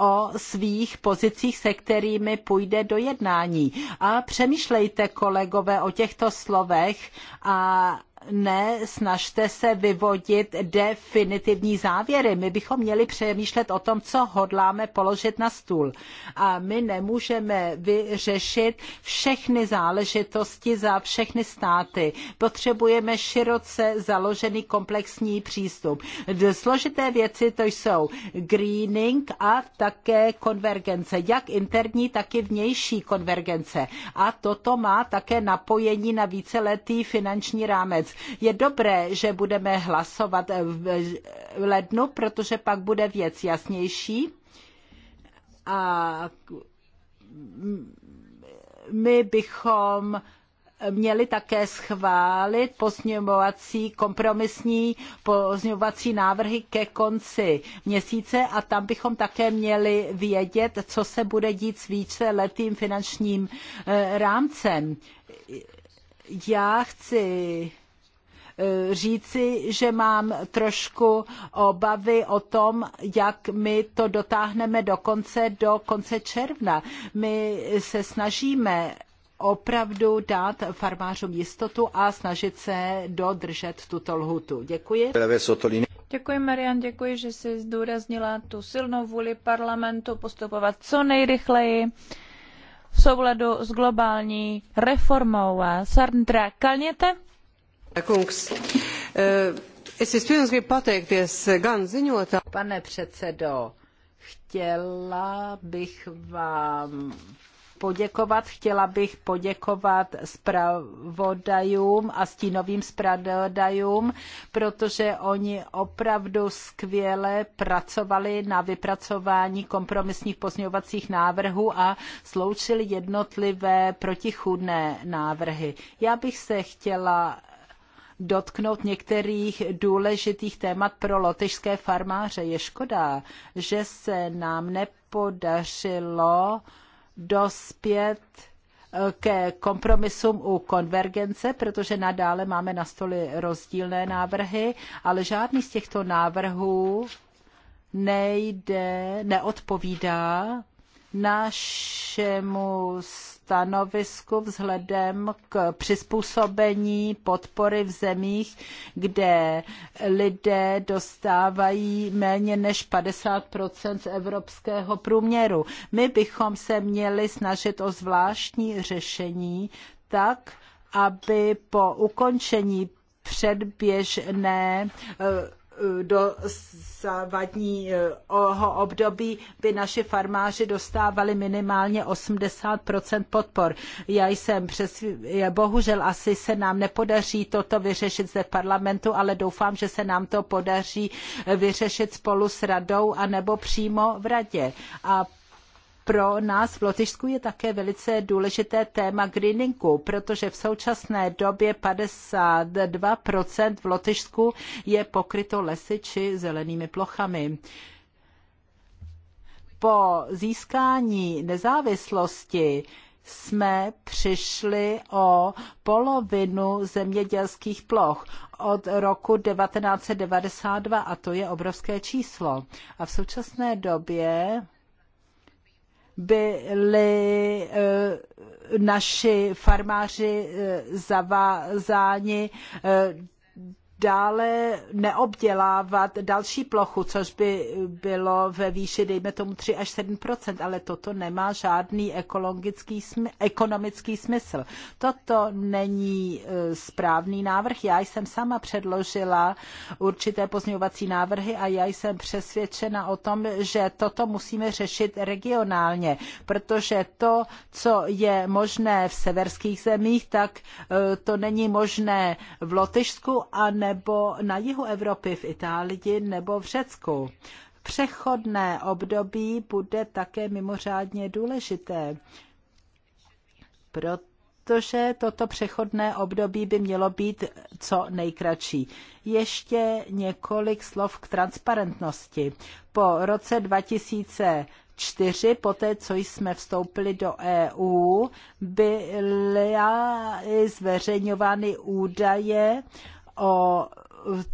o svých pozicích, se kterými půjde do jednání. A přemýšlejte, kolegové, o těchto slovech a ne, snažte se vyvodit definitivní závěry. My bychom měli přemýšlet o tom, co hodláme položit na stůl. A my nemůžeme vyřešit všechny záležitosti za všechny státy. Potřebujeme široce založený komplexní přístup. Složité věci to jsou greening a také konvergence, jak interní, tak i vnější konvergence. A toto má také napojení na víceletý finanční rámec je dobré, že budeme hlasovat v lednu, protože pak bude věc jasnější. A my bychom měli také schválit pozměňovací kompromisní pozměňovací návrhy ke konci měsíce a tam bychom také měli vědět, co se bude dít s víceletým finančním eh, rámcem. Já chci Eh, říci, že mám trošku obavy o tom, jak my to dotáhneme do konce, do konce června. My se snažíme opravdu dát farmářům jistotu a snažit se dodržet tuto lhutu. Děkuji. Děkuji, Marian, děkuji, že jsi zdůraznila tu silnou vůli parlamentu postupovat co nejrychleji v souladu s globální reformou. Sandra Kalněte Äh, äh, Pane předsedo, chtěla bych vám poděkovat. Chtěla bych poděkovat zpravodajům a stínovým zpravodajům, protože oni opravdu skvěle pracovali na vypracování kompromisních pozměňovacích návrhů a sloučili jednotlivé protichůdné návrhy. Já bych se chtěla dotknout některých důležitých témat pro lotyšské farmáře. Je škoda, že se nám nepodařilo dospět eh, ke kompromisům u konvergence, protože nadále máme na stole rozdílné návrhy, ale žádný z těchto návrhů nejde, neodpovídá našemu stanovisku vzhledem k přizpůsobení podpory v zemích, kde lidé dostávají méně než 50 z evropského průměru. My bychom se měli snažit o zvláštní řešení tak, aby po ukončení předběžné eh, dosavadního období by naši farmáři dostávali minimálně 80 podpor. Já jsem přes, bohužel asi se nám nepodaří toto vyřešit zde v parlamentu, ale doufám, že se nám to podaří vyřešit spolu s radou anebo přímo v radě. A pro nás v Lotyšsku je také velice důležité téma greeningu, protože v současné době 52% v Lotyšsku je pokryto lesy či zelenými plochami. Po získání nezávislosti jsme přišli o polovinu zemědělských ploch od roku 1992 a to je obrovské číslo. A v současné době byli eh, naši farmáři eh, zavázáni eh, dále neobdělávat další plochu, což by bylo ve výši, dejme tomu, 3 až 7 ale toto nemá žádný ekologický, ekonomický smysl. Toto není e, správný návrh. Já jsem sama předložila určité pozměňovací návrhy a já jsem přesvědčena o tom, že toto musíme řešit regionálně, protože to, co je možné v severských zemích, tak e, to není možné v Lotyšsku a ne nebo na jihu Evropy v Itálii nebo v Řecku. Přechodné období bude také mimořádně důležité, protože toto přechodné období by mělo být co nejkratší. Ještě několik slov k transparentnosti. Po roce 2004, poté co jsme vstoupili do EU, byly zveřejňovány údaje o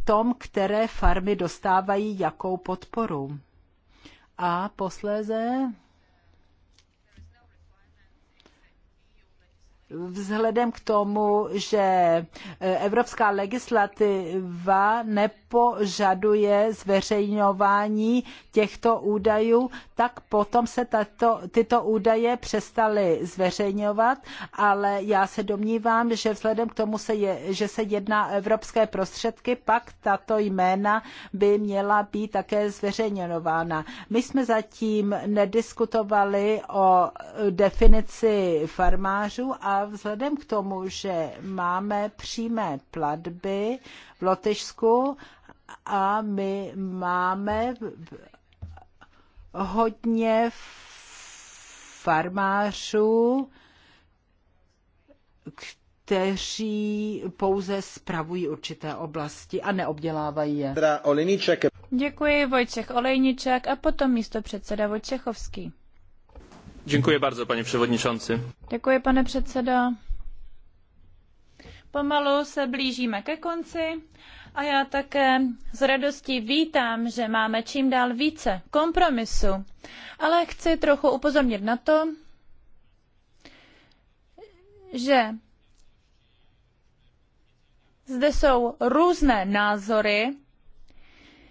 tom, které farmy dostávají jakou podporu. A posléze vzhledem k tomu, že e, evropská legislativa nepožaduje zveřejňování těchto údajů, tak potom se tato, tyto údaje přestaly zveřejňovat, ale já se domnívám, že vzhledem k tomu, se je, že se jedná o evropské prostředky, pak tato jména by měla být také zveřejňována. My jsme zatím nediskutovali o definici farmářů a vzhledem k tomu, že máme přímé platby v Lotyšsku a my máme hodně farmářů, kteří pouze spravují určité oblasti a neobdělávají je. Děkuji Vojtěch Olejniček a potom místo předseda Vojtěchovský. Děkuji pane předsedající. pane Pomalu se blížíme ke konci a já také s radostí vítám, že máme čím dál více kompromisů, Ale chci trochu upozornit na to, že zde jsou různé názory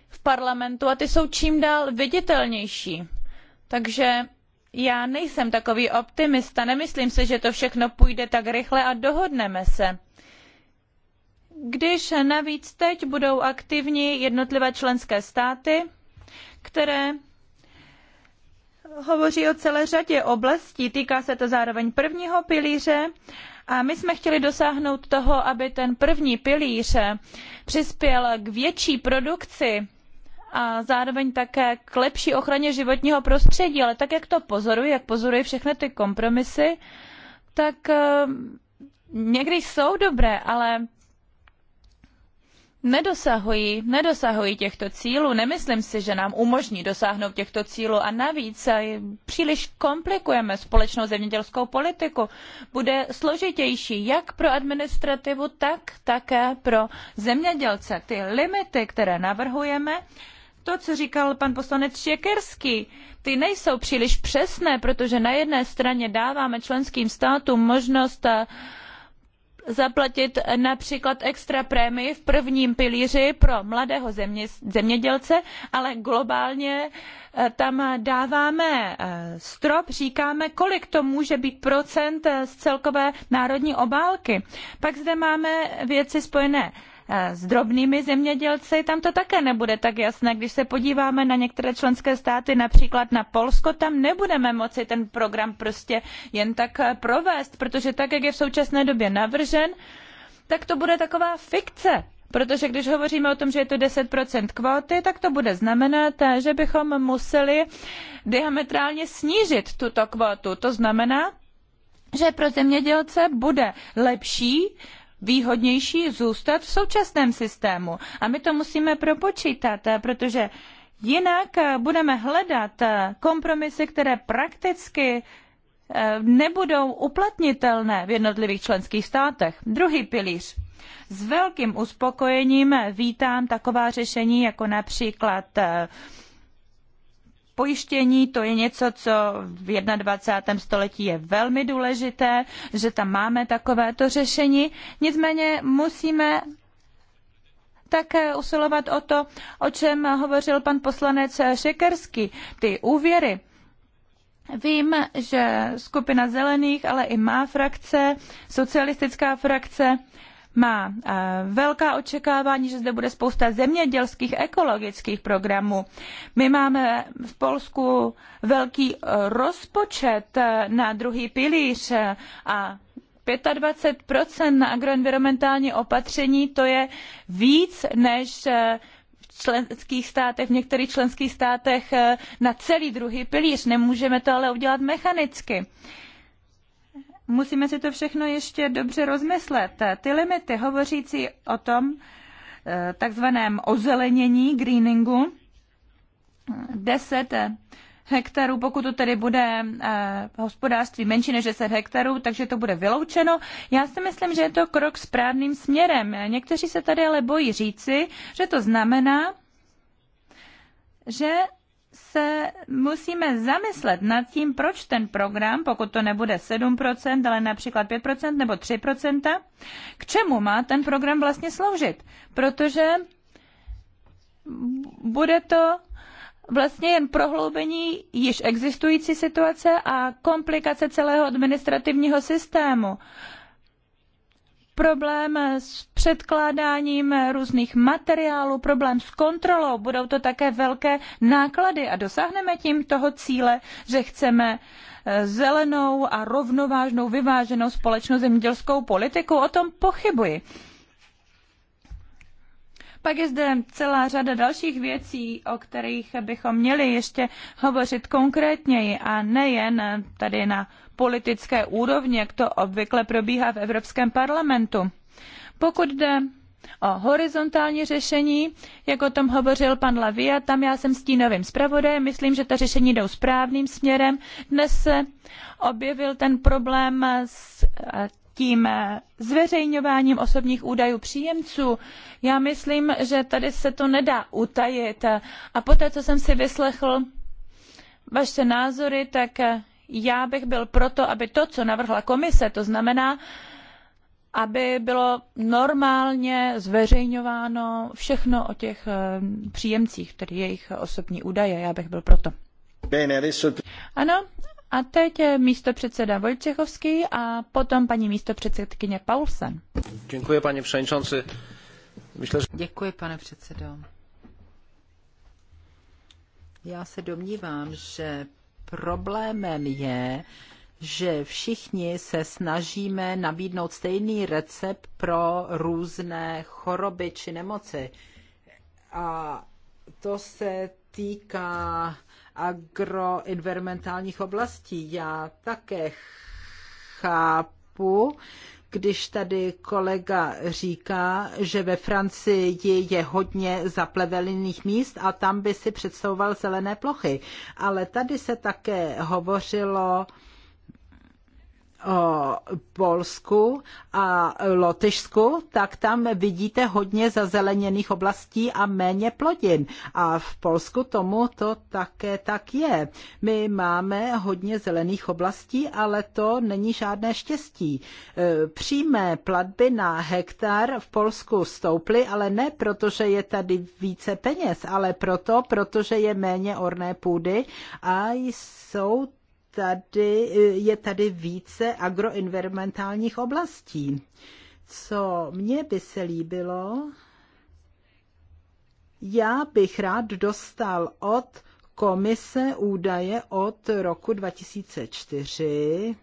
v parlamentu a ty jsou čím dál viditelnější. Takže já nejsem takový optimista, nemyslím si, že to všechno půjde tak rychle a dohodneme se. Když navíc teď budou aktivní jednotlivé členské státy, které hovoří o celé řadě oblastí, týká se to zároveň prvního pilíře, a my jsme chtěli dosáhnout toho, aby ten první pilíř přispěl k větší produkci a zároveň také k lepší ochraně životního prostředí. Ale tak, jak to pozoruji, jak pozoruji všechny ty kompromisy, tak eh, někdy jsou dobré, ale nedosahují, nedosahují těchto cílů. Nemyslím si, že nám umožní dosáhnout těchto cílů a navíc eh, příliš komplikujeme společnou zemědělskou politiku. Bude složitější jak pro administrativu, tak také pro zemědělce. Ty limity, které navrhujeme, to, co říkal pan poslanec Šekerský, ty nejsou příliš přesné, protože na jedné straně dáváme členským státům možnost eh, zaplatit například extra prémii v prvním pilíři pro mladého země, zemědělce, ale globálně eh, tam dáváme eh, strop, říkáme, kolik to může být procent z celkové národní obálky. Pak zde máme věci spojené Eh, s drobnými zemědělci, tam to také nebude tak jasné. Když se podíváme na některé členské státy, například na Polsko, tam nebudeme moci ten program prostě jen tak eh, provést, protože tak, jak je v současné době navržen, tak to bude taková fikce. Protože když hovoříme o tom, že je to 10% kvóty, tak to bude znamenat, eh, že bychom museli diametrálně snížit tuto kvótu. To znamená, že pro zemědělce bude lepší výhodnější zůstat v současném systému. A my to musíme propočítat, eh, protože jinak eh, budeme hledat eh, kompromisy, které prakticky nebudou uplatnitelné v jednotlivých členských státech. Druhý pilíř. S velkým uspokojením vítám taková řešení jako například pojištění, to je něco, co v 21. století je velmi důležité, že tam máme takovéto řešení. Nicméně musíme také usilovat o to, o čem hovořil pan poslanec Šekerský, ty úvěry. Vím, že skupina zelených, ale i má frakce, socialistická frakce, má eh, velká očekávání, že zde bude spousta zemědělských ekologických programů. My máme v Polsku velký eh, rozpočet eh, na druhý pilíř a 25 na agroenvironmentální opatření, to je víc než v členských státech, v některých členských státech na celý druhý pilíř. Nemůžeme to ale udělat mechanicky. Musíme si to všechno ještě dobře rozmyslet. Ty limity hovořící o tom eh, takzvaném ozelenění, greeningu, 10 eh, hektarů, pokud to tedy bude eh, hospodářství menší než 10 hektarů, takže to bude vyloučeno. Já si myslím, že je to krok správným směrem. Někteří se tady ale bojí říci, že to znamená, že se musíme zamyslet nad tím, proč ten program, pokud to nebude 7%, ale například 5% nebo 3%, k čemu má ten program vlastně sloužit. Protože bude to vlastně jen prohloubení již existující situace a komplikace celého administrativního systému problém s předkládáním různých materiálů, problém s kontrolou, budou to také velké náklady a dosáhneme tím toho cíle, že chceme eh, zelenou a rovnovážnou, vyváženou společnou zemědělskou politiku. O tom pochybuji. Pak je zde celá řada dalších věcí, o kterých bychom měli ještě hovořit konkrétněji a nejen tady na politické úrovni, jak to obvykle probíhá v Evropském parlamentu. Pokud jde o horizontální řešení, jak o tom hovořil pan Lavia, tam já jsem stínovým zpravodajem, myslím, že ta řešení jdou správným směrem. Dnes se objevil ten problém s eh, tím eh, zveřejňováním osobních údajů příjemců. Já myslím, že tady se to nedá utajit. A poté, co jsem si vyslechl vaše názory, tak eh, já bych byl proto, aby to, co navrhla komise, to znamená, aby bylo normálně zveřejňováno všechno o těch eh, příjemcích, tedy jejich osobní údaje. Já bych byl proto. Ano, a teď místo předseda a potom paní místopředsedkyně Paulsen. Děkuji, pane předsedající. Děkuji, pane předsedo. Já se domnívám, že problémem je, že všichni se snažíme nabídnout stejný recept pro různé choroby či nemoci. A to se týká agroenvironmentálních oblastí. Já také chápu, když tady kolega říká, že ve Francii je hodně zaplevelených míst a tam by si představoval zelené plochy. Ale tady se také hovořilo o Polsku a Lotyšsku, tak tam vidíte hodně zazeleněných oblastí a méně plodin. A v Polsku tomu to také tak je. My máme hodně zelených oblastí, ale to není žádné štěstí. E, přímé platby na hektar v Polsku stouply, ale ne proto, že je tady více peněz, ale proto, protože je méně orné půdy a jsou tady, je tady více agroenvironmentálních oblastí. Co mně by se líbilo, já bych rád dostal od komise údaje od roku 2004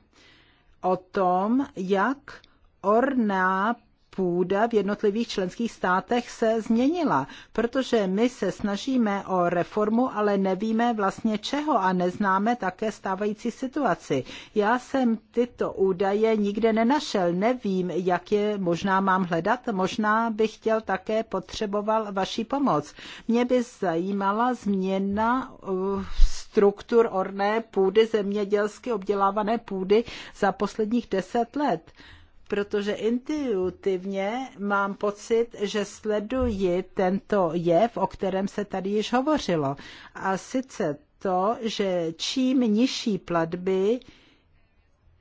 o tom, jak orná půda v jednotlivých členských státech se změnila, protože my se snažíme o reformu, ale nevíme vlastně čeho a neznáme také stávající situaci. Já jsem tyto údaje nikde nenašel, nevím, jak je možná mám hledat, možná bych chtěl také potřeboval vaši pomoc. Mě by zajímala změna uh, struktur orné půdy, zemědělsky obdělávané půdy za posledních deset let protože intuitivně mám pocit, že sleduji tento jev, o kterém se tady již hovořilo. A sice to, že čím nižší platby,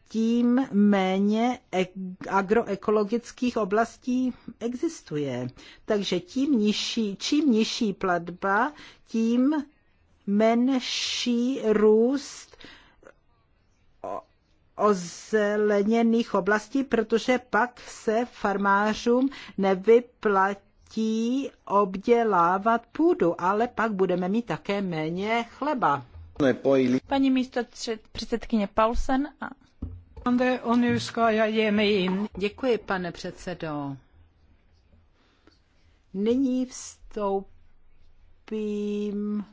tím méně agroekologických oblastí existuje. Takže tím nižší, čím nižší platba, tím menší růst ozeleněných oblastí, protože pak se farmářům nevyplatí obdělávat půdu, ale pak budeme mít také méně chleba. Paní místo předsedkyně Paulsen a Děkuji, pane předsedo. Nyní vstoupím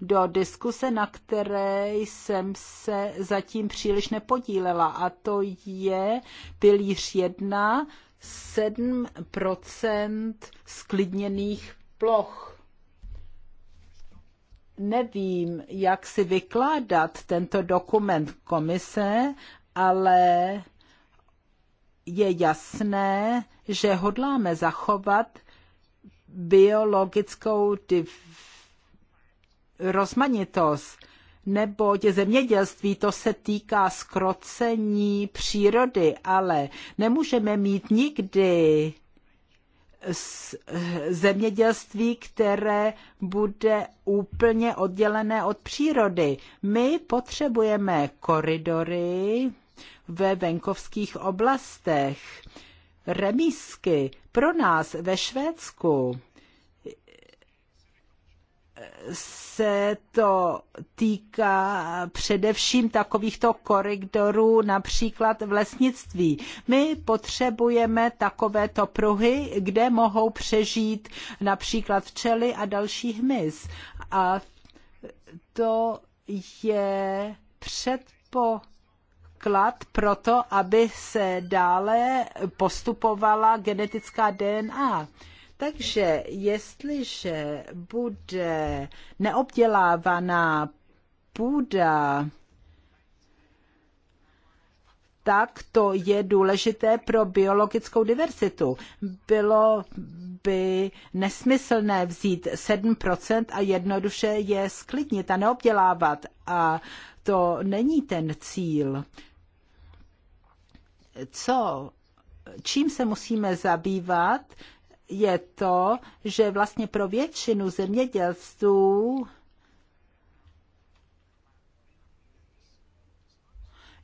do diskuse, na které jsem se zatím příliš nepodílela, a to je pilíř 1, 7 sklidněných ploch nevím, jak si vykládat tento dokument komise, ale je jasné, že hodláme zachovat biologickou div rozmanitost, neboť zemědělství to se týká skrocení přírody, ale nemůžeme mít nikdy eh, zemědělství, které bude úplně oddělené od přírody. My potřebujeme koridory ve venkovských oblastech, remísky. Pro nás ve Švédsku se to týká především takovýchto koridorů, například v lesnictví. My potřebujeme takovéto pruhy, kde mohou přežít například včely a další hmyz. A to je předpoklad pro to, aby se dále postupovala genetická DNA. Takže jestliže bude neobdělávaná půda, tak to je důležité pro biologickou diverzitu. Bylo by nesmyslné vzít 7% a jednoduše je sklidnit a neobdělávat. A to není ten cíl. Co, čím se musíme zabývat, je to, že vlastně pro většinu zemědělců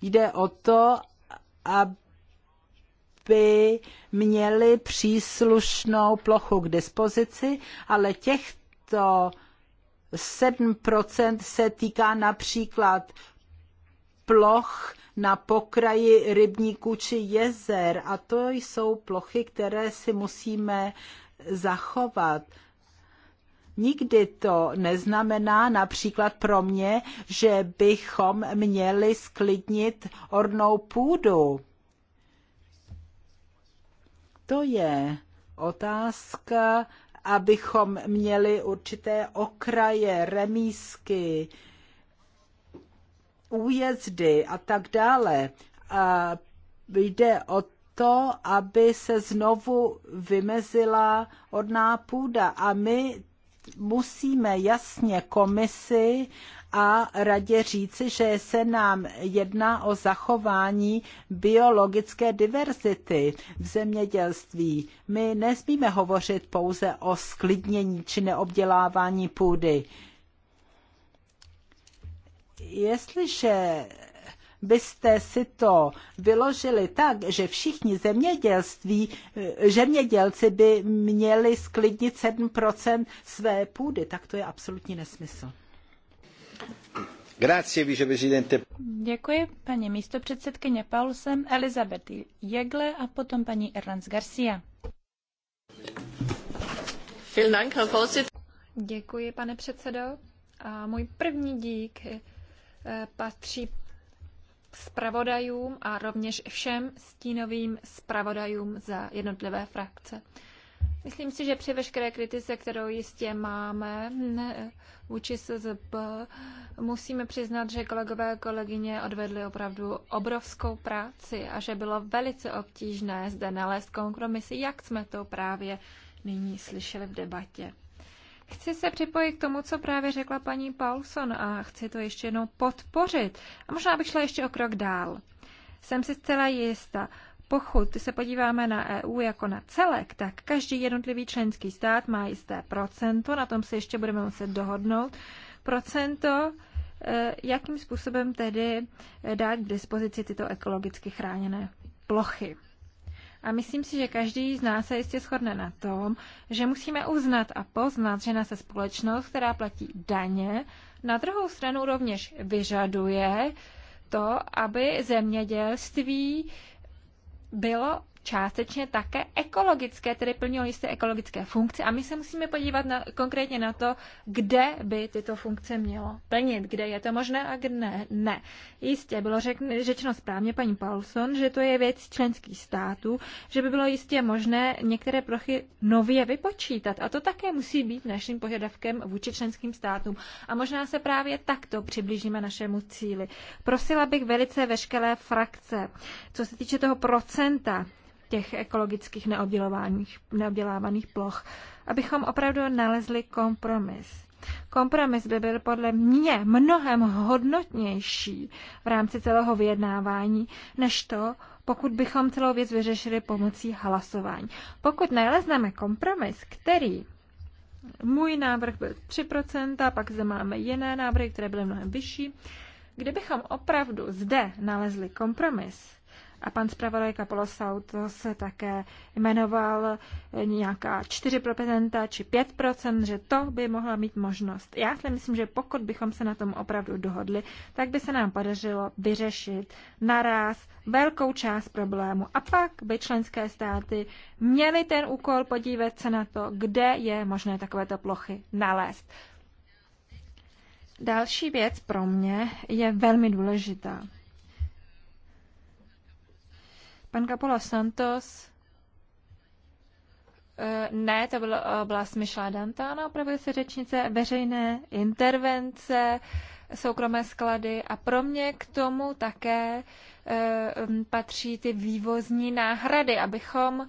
jde o to, aby měli příslušnou plochu k dispozici, ale těchto 7% se týká například ploch na pokraji rybníků či jezer. A to jsou plochy, které si musíme zachovat. Nikdy to neznamená například pro mě, že bychom měli sklidnit ornou půdu. To je otázka, abychom měli určité okraje, remísky, újezdy a tak dále. A jde o to, aby se znovu vymezila odná půda a my musíme jasně komisi a radě říci, že se nám jedná o zachování biologické diverzity v zemědělství. My nesmíme hovořit pouze o sklidnění či neobdělávání půdy. Jestliže byste si to vyložili tak, že všichni zemědělství, eh, zemědělci by měli sklidnit 7% své půdy, tak to je absolutní nesmysl. Grazie, Děkuji, paní místopředsedkyně Paulsen, Elizabeth Jegle a potom paní Erlans Garcia. Děkuji, pane předsedo. A můj první dík Eh, patří zpravodajům a rovněž všem stínovým zpravodajům za jednotlivé frakce. Myslím si, že při veškeré kritice, kterou jistě máme vůči SZB, musíme přiznat, že kolegové a kolegyně odvedli opravdu obrovskou práci a že bylo velice obtížné zde nalézt kompromisy, jak jsme to právě nyní slyšeli v debatě. Chci se připojit k tomu, co právě řekla paní Paulson a chci to ještě jednou podpořit. A možná bych šla ještě o krok dál. Jsem si zcela jistá, pokud se podíváme na EU jako na celek, tak každý jednotlivý členský stát má jisté procento, na tom se ještě budeme muset dohodnout, procento, eh, jakým způsobem tedy dát k dispozici tyto ekologicky chráněné plochy. A myslím si, že každý z nás se jistě shodne na tom, že musíme uznat a poznat, že naše společnost, která platí daně, na druhou stranu rovněž vyžaduje to, aby zemědělství bylo částečně také ekologické, tedy plnilo jisté ekologické funkce. A my se musíme podívat na, konkrétně na to, kde by tyto funkce mělo plnit, kde je to možné a kde ne. ne. Jistě bylo řek, řečeno správně paní Paulson, že to je věc členských států, že by bylo jistě možné některé prochy nově vypočítat. A to také musí být naším požadavkem vůči členským státům. A možná se právě takto přiblížíme našemu cíli. Prosila bych velice veškeré frakce, co se týče toho procenta těch ekologických neobdělávaných ploch, abychom opravdu nalezli kompromis. Kompromis by byl podle mě mnohem hodnotnější v rámci celého vyjednávání, než to, pokud bychom celou věc vyřešili pomocí hlasování. Pokud nalezneme kompromis, který můj návrh byl 3%, pak zde máme jiné návrhy, které byly mnohem vyšší, kdybychom opravdu zde nalezli kompromis, a pan zpravodaj to se také jmenoval nějaká 4% či 5%, že to by mohla mít možnost. Já si myslím, že pokud bychom se na tom opravdu dohodli, tak by se nám podařilo vyřešit naraz velkou část problému. A pak by členské státy měly ten úkol podívat se na to, kde je možné takovéto plochy nalézt. Další věc pro mě je velmi důležitá. Pan Kapola Santos. Eh, ne, to byla oblast Michela Dantana, Opravdu se řečnice, veřejné intervence, soukromé sklady a pro mě k tomu také eh, patří ty vývozní náhrady, abychom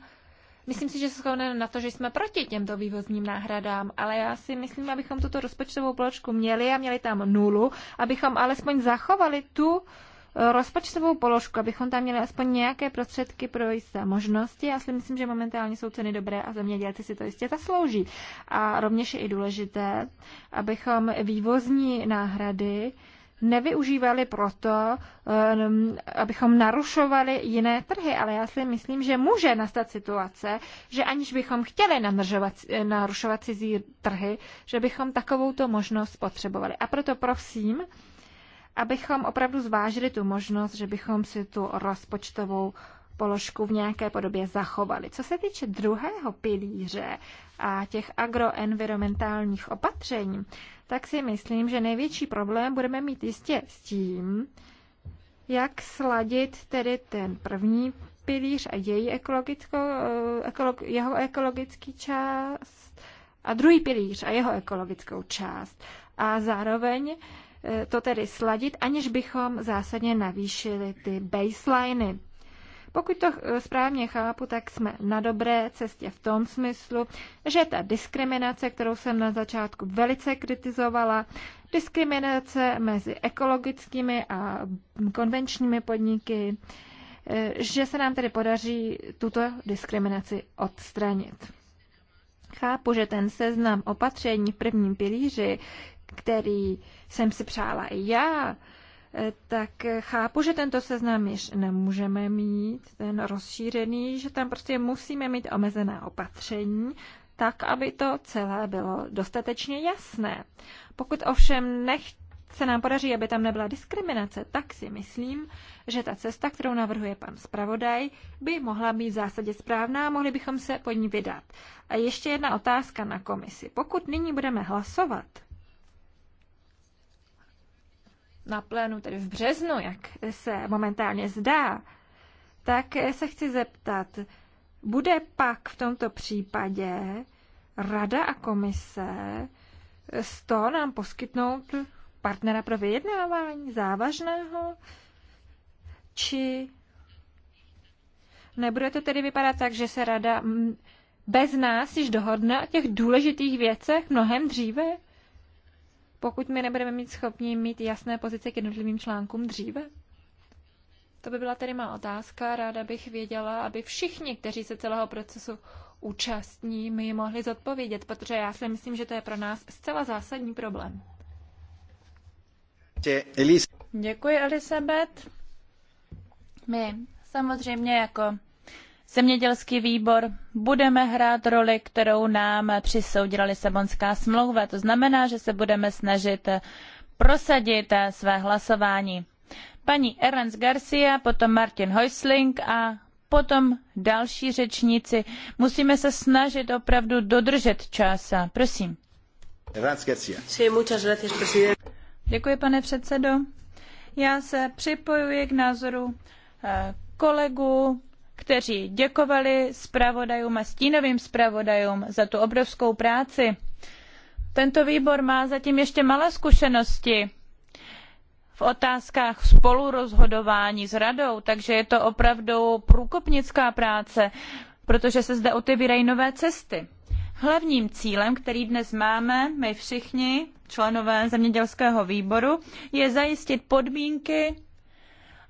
Myslím si, že se shodneme na to, že jsme proti těmto vývozním náhradám, ale já si myslím, abychom tuto rozpočtovou pločku měli a měli tam nulu, abychom alespoň zachovali tu rozpočtovou položku, abychom tam měli aspoň nějaké prostředky pro jisté možnosti. Já si myslím, že momentálně jsou ceny dobré a zemědělci si to jistě zaslouží. A rovněž je i důležité, abychom vývozní náhrady nevyužívali proto, um, abychom narušovali jiné trhy, ale já si myslím, že může nastat situace, že aniž bychom chtěli narušovat cizí trhy, že bychom takovouto možnost potřebovali. A proto prosím, abychom opravdu zvážili tu možnost, že bychom si tu rozpočtovou položku v nějaké podobě zachovali. Co se týče druhého pilíře a těch agroenvironmentálních opatření, tak si myslím, že největší problém budeme mít jistě s tím, jak sladit tedy ten první pilíř a její eh, ekolog, jeho ekologický část a druhý pilíř a jeho ekologickou část. A zároveň Eh, to tedy sladit, aniž bychom zásadně navýšili ty baseliny. Pokud to eh, správně chápu, tak jsme na dobré cestě v tom smyslu, že ta diskriminace, kterou jsem na začátku velice kritizovala, diskriminace mezi ekologickými a konvenčními podniky, eh, že se nám tedy podaří tuto diskriminaci odstranit. Chápu, že ten seznam opatření v prvním pilíři, který jsem si přála i já, eh, tak chápu, že tento seznam již nemůžeme mít, ten rozšířený, že tam prostě musíme mít omezená opatření, tak, aby to celé bylo dostatečně jasné. Pokud ovšem nech se nám podaří, aby tam nebyla diskriminace, tak si myslím, že ta cesta, kterou navrhuje pan zpravodaj, by mohla být v zásadě správná a mohli bychom se po ní vydat. A ještě jedna otázka na komisi. Pokud nyní budeme hlasovat, na plénu, tedy v březnu, jak se momentálně zdá, tak se chci zeptat, bude pak v tomto případě rada a komise z toho nám poskytnout partnera pro vyjednávání závažného, či nebude to tedy vypadat tak, že se rada bez nás již dohodne o těch důležitých věcech mnohem dříve? pokud my nebudeme mít schopni mít jasné pozice k jednotlivým článkům dříve? To by byla tedy má otázka. Ráda bych věděla, aby všichni, kteří se celého procesu účastní, mi ji mohli zodpovědět, protože já si myslím, že to je pro nás zcela zásadní problém. Děkuji, Elisabeth. My samozřejmě jako zemědělský výbor budeme hrát roli, kterou nám přisoudila Lisabonská smlouva. To znamená, že se budeme snažit prosadit své hlasování. Paní Ernst Garcia, potom Martin Heusling a potom další řečníci. Musíme se snažit opravdu dodržet čas. Prosím. Děkuji, pane předsedo. Já se připojuji k názoru eh, kolegů kteří děkovali zpravodajům a stínovým zpravodajům za tu obrovskou práci. Tento výbor má zatím ještě malé zkušenosti v otázkách spolurozhodování s radou, takže je to opravdu průkopnická práce, protože se zde otevírají nové cesty. Hlavním cílem, který dnes máme, my všichni, členové zemědělského výboru, je zajistit podmínky,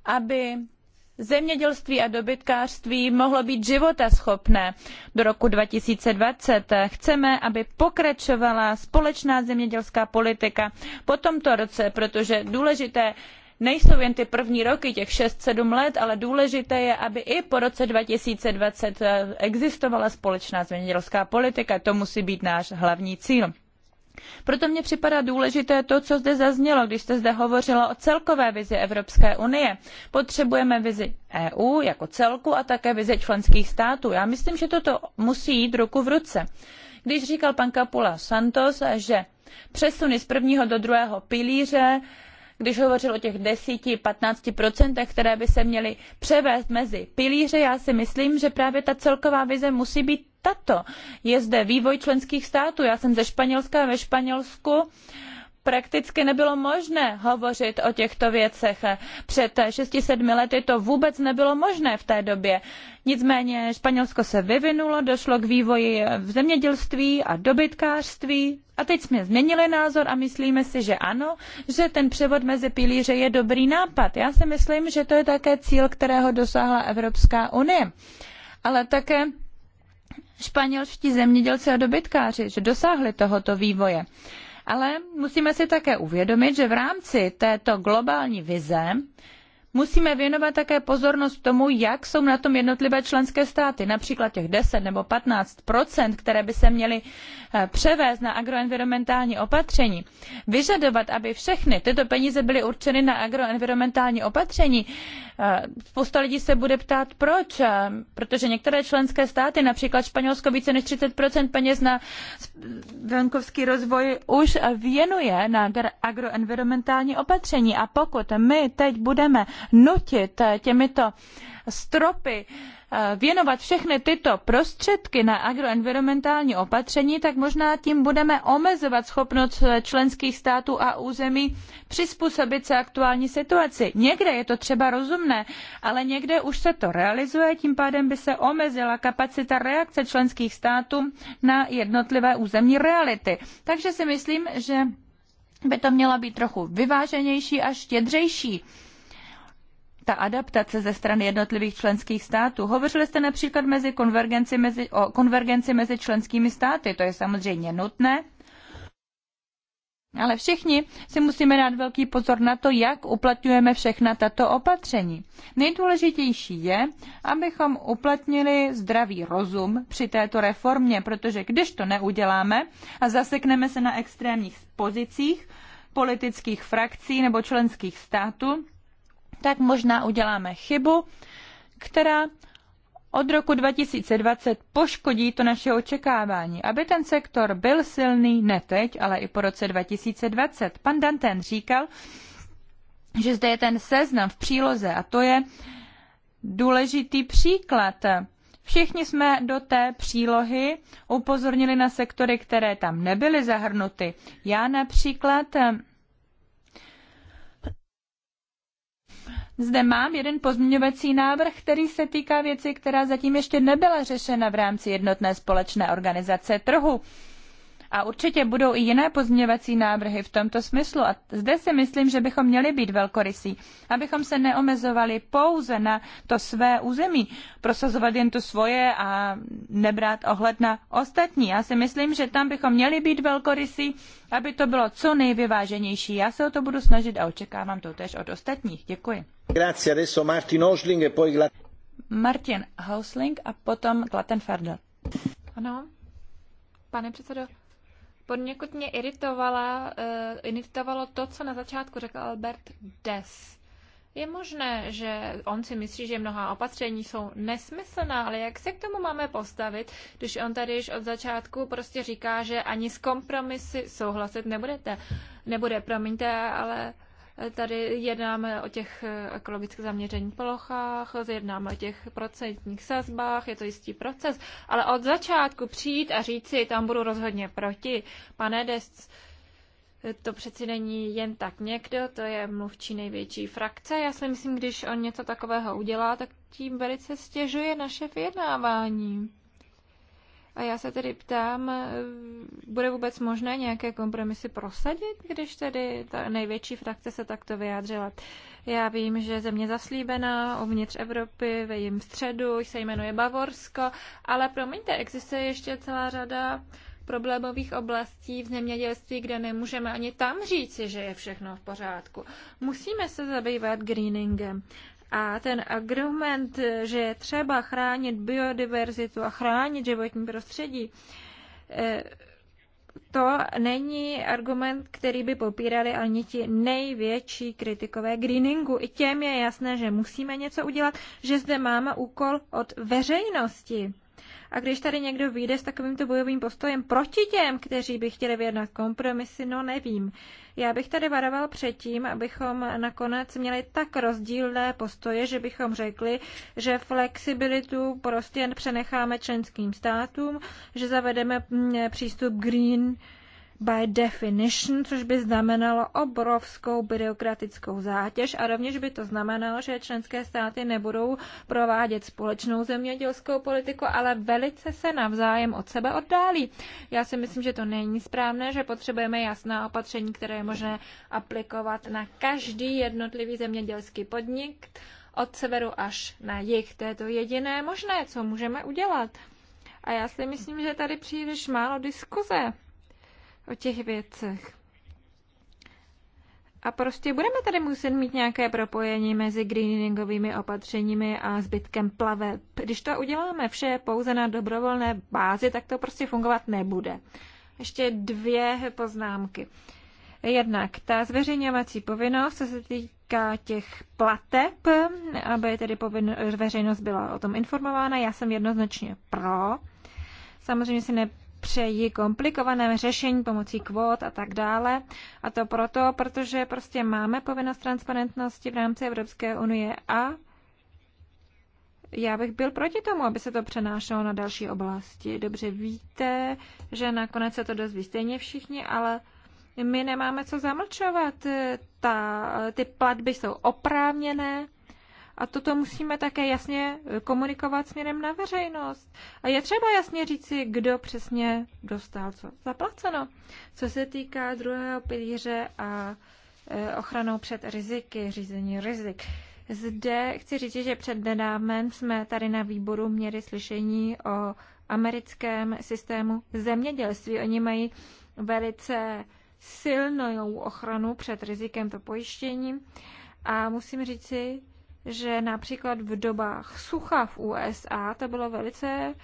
aby zemědělství a dobytkářství mohlo být životaschopné do roku. two thousand and twenty chceme aby pokračovala společná zemědělská politika po tomto roce protože důležité nejsou jen ty první roky těch šest sedm let ale důležité je aby i po roce two thousand and twenty existovala společná zemědělská politika to musí být náš hlavní cíl proto mně připadá důležité to, co zde zaznělo, když jste zde hovořila o celkové vizi Evropské unie. Potřebujeme vizi EU jako celku a také vizi členských států. Já myslím, že toto musí jít ruku v ruce. Když říkal pan Capula Santos, že přesuny z prvního do druhého pilíře když hovořil o těch fifteen procentech, které by se měly převést mezi pilíře, já si myslím, že právě ta celková vize musí být tato. Je zde vývoj členských států. Já jsem ze Španělska ve Španělsku prakticky nebylo možné hovořit o těchto věcech. Před šesti sedmi lety to vůbec nebylo možné v té době. Nicméně Španělsko se vyvinulo, došlo k vývoji v zemědělství a dobytkářství a teď jsme změnili názor a myslíme si, že ano, že ten převod mezi pilíře je dobrý nápad. Já si myslím, že to je také cíl, kterého dosáhla Evropská unie. Ale také španělští zemědělci a dobytkáři, že dosáhli tohoto vývoje. Ale musíme si také uvědomit, že v rámci této globální vize musíme věnovat také pozornost tomu, jak jsou na tom jednotlivé členské státy. Například těch ten nebo fifteen které by se měly eh, převést na agroenvironmentální opatření. Vyžadovat, aby všechny tyto peníze byly určeny na agroenvironmentální opatření, eh, spousta lidí se bude ptát, proč. Eh, protože některé členské státy, například Španělsko, více než thirty peněz na venkovský rozvoj už věnuje na agroenvironmentální opatření. A pokud my teď budeme nutit eh, těmito stropy eh, věnovat všechny tyto prostředky na agroenvironmentální opatření, tak možná tím budeme omezovat schopnost eh, členských států a území přizpůsobit se aktuální situaci. Někde je to třeba rozumné, ale někde už se to realizuje, tím pádem by se omezila kapacita reakce členských států na jednotlivé územní reality. Takže si myslím, že by to měla být trochu vyváženější a štědřejší ta adaptace ze strany jednotlivých členských států. Hovořili jste například mezi konvergenci mezi, o konvergenci mezi členskými státy, to je samozřejmě nutné. Ale všichni si musíme dát velký pozor na to, jak uplatňujeme všechna tato opatření. Nejdůležitější je, abychom uplatnili zdravý rozum při této reformě, protože když to neuděláme a zasekneme se na extrémních pozicích politických frakcí nebo členských států, tak možná uděláme chybu, která od roku 2020 poškodí to naše očekávání, aby ten sektor byl silný ne teď, ale i po roce 2020. Pan Danten říkal, že zde je ten seznam v příloze a to je důležitý příklad. Všichni jsme do té přílohy upozornili na sektory, které tam nebyly zahrnuty. Já například Zde mám jeden pozměňovací návrh, který se týká věci, která zatím ještě nebyla řešena v rámci jednotné společné organizace trhu. A určitě budou i jiné pozměňovací návrhy v tomto smyslu. A zde si myslím, že bychom měli být velkorysí, abychom se neomezovali pouze na to své území, prosazovat jen to svoje a nebrát ohled na ostatní. Já si myslím, že tam bychom měli být velkorysí, aby to bylo co nejvyváženější. Já se o to budu snažit a očekávám to tež od ostatních. Děkuji. Grazie, adesso Martin Osling e poi Martin Hausling a potom Glattenferdl. Ano, pane předsedo, Poněkud mě iritovala, uh, iritovalo to, co na začátku řekl Albert Des. Je možné, že on si myslí, že mnoha opatření jsou nesmyslná, ale jak se k tomu máme postavit, když on tady již od začátku prostě říká, že ani s kompromisy souhlasit nebudete. Nebude, promiňte, ale Tady jednáme o těch ekologicky zaměřených polochách, jednáme o těch procentních sazbách, je to jistý proces, ale od začátku přijít a říct si, tam budu rozhodně proti, pane Desc, to přeci není jen tak někdo, to je mluvčí největší frakce. Já si myslím, když on něco takového udělá, tak tím velice stěžuje naše vyjednávání. A já se tedy ptám, eh, bude vůbec možné nějaké kompromisy prosadit, když tedy ta největší frakce se takto vyjádřila? Já vím, že země zaslíbená uvnitř Evropy, ve jim středu, se jmenuje Bavorsko, ale promiňte, existuje ještě celá řada problémových oblastí v zemědělství, kde nemůžeme ani tam říci, že je všechno v pořádku. Musíme se zabývat greeningem. A ten argument, že je třeba chránit biodiverzitu a chránit životní prostředí, eh, to není argument, který by popírali ani ti největší kritikové greeningu. I těm je jasné, že musíme něco udělat, že zde máme úkol od veřejnosti. A když tady někdo vyjde s takovýmto bojovým postojem proti těm, kteří by chtěli vyjednat kompromisy, no nevím. Já bych tady varoval před tím, abychom nakonec měli tak rozdílné postoje, že bychom řekli, že flexibilitu prostě jen přenecháme členským státům, že zavedeme mm, přístup green by definition, což by znamenalo obrovskou byrokratickou zátěž a rovněž by to znamenalo, že členské státy nebudou provádět společnou zemědělskou politiku, ale velice se navzájem od sebe oddálí. Já si myslím, že to není správné, že potřebujeme jasná opatření, které je možné aplikovat na každý jednotlivý zemědělský podnik od severu až na jih. To je to jediné možné, co můžeme udělat. A já si myslím, že tady příliš málo diskuze o těch věcech. A prostě budeme tady muset mít nějaké propojení mezi greeningovými opatřeními a zbytkem plave. Když to uděláme vše pouze na dobrovolné bázi, tak to prostě fungovat nebude. Ještě dvě poznámky. Jednak ta zveřejňovací povinnost, co se týká těch plateb, aby tedy povin- veřejnost byla o tom informována, já jsem jednoznačně pro. Samozřejmě si ne- přeji komplikovaném řešení pomocí kvót a tak dále. A to proto, protože prostě máme povinnost transparentnosti v rámci Evropské unie a já bych byl proti tomu, aby se to přenášelo na další oblasti. Dobře víte, že nakonec se to dozví stejně všichni, ale my nemáme co zamlčovat. Ta, ty platby jsou oprávněné a toto musíme také jasně eh, komunikovat směrem na veřejnost. A je třeba jasně říci, kdo přesně dostal co zaplaceno. Co se týká druhého pilíře a eh, ochranou před riziky, řízení rizik. Zde chci říct, že před nedámen jsme tady na výboru měli slyšení o americkém systému zemědělství. Oni mají velice silnou ochranu před rizikem to pojištění. A musím říci, že například v dobách sucha v USA to bylo velice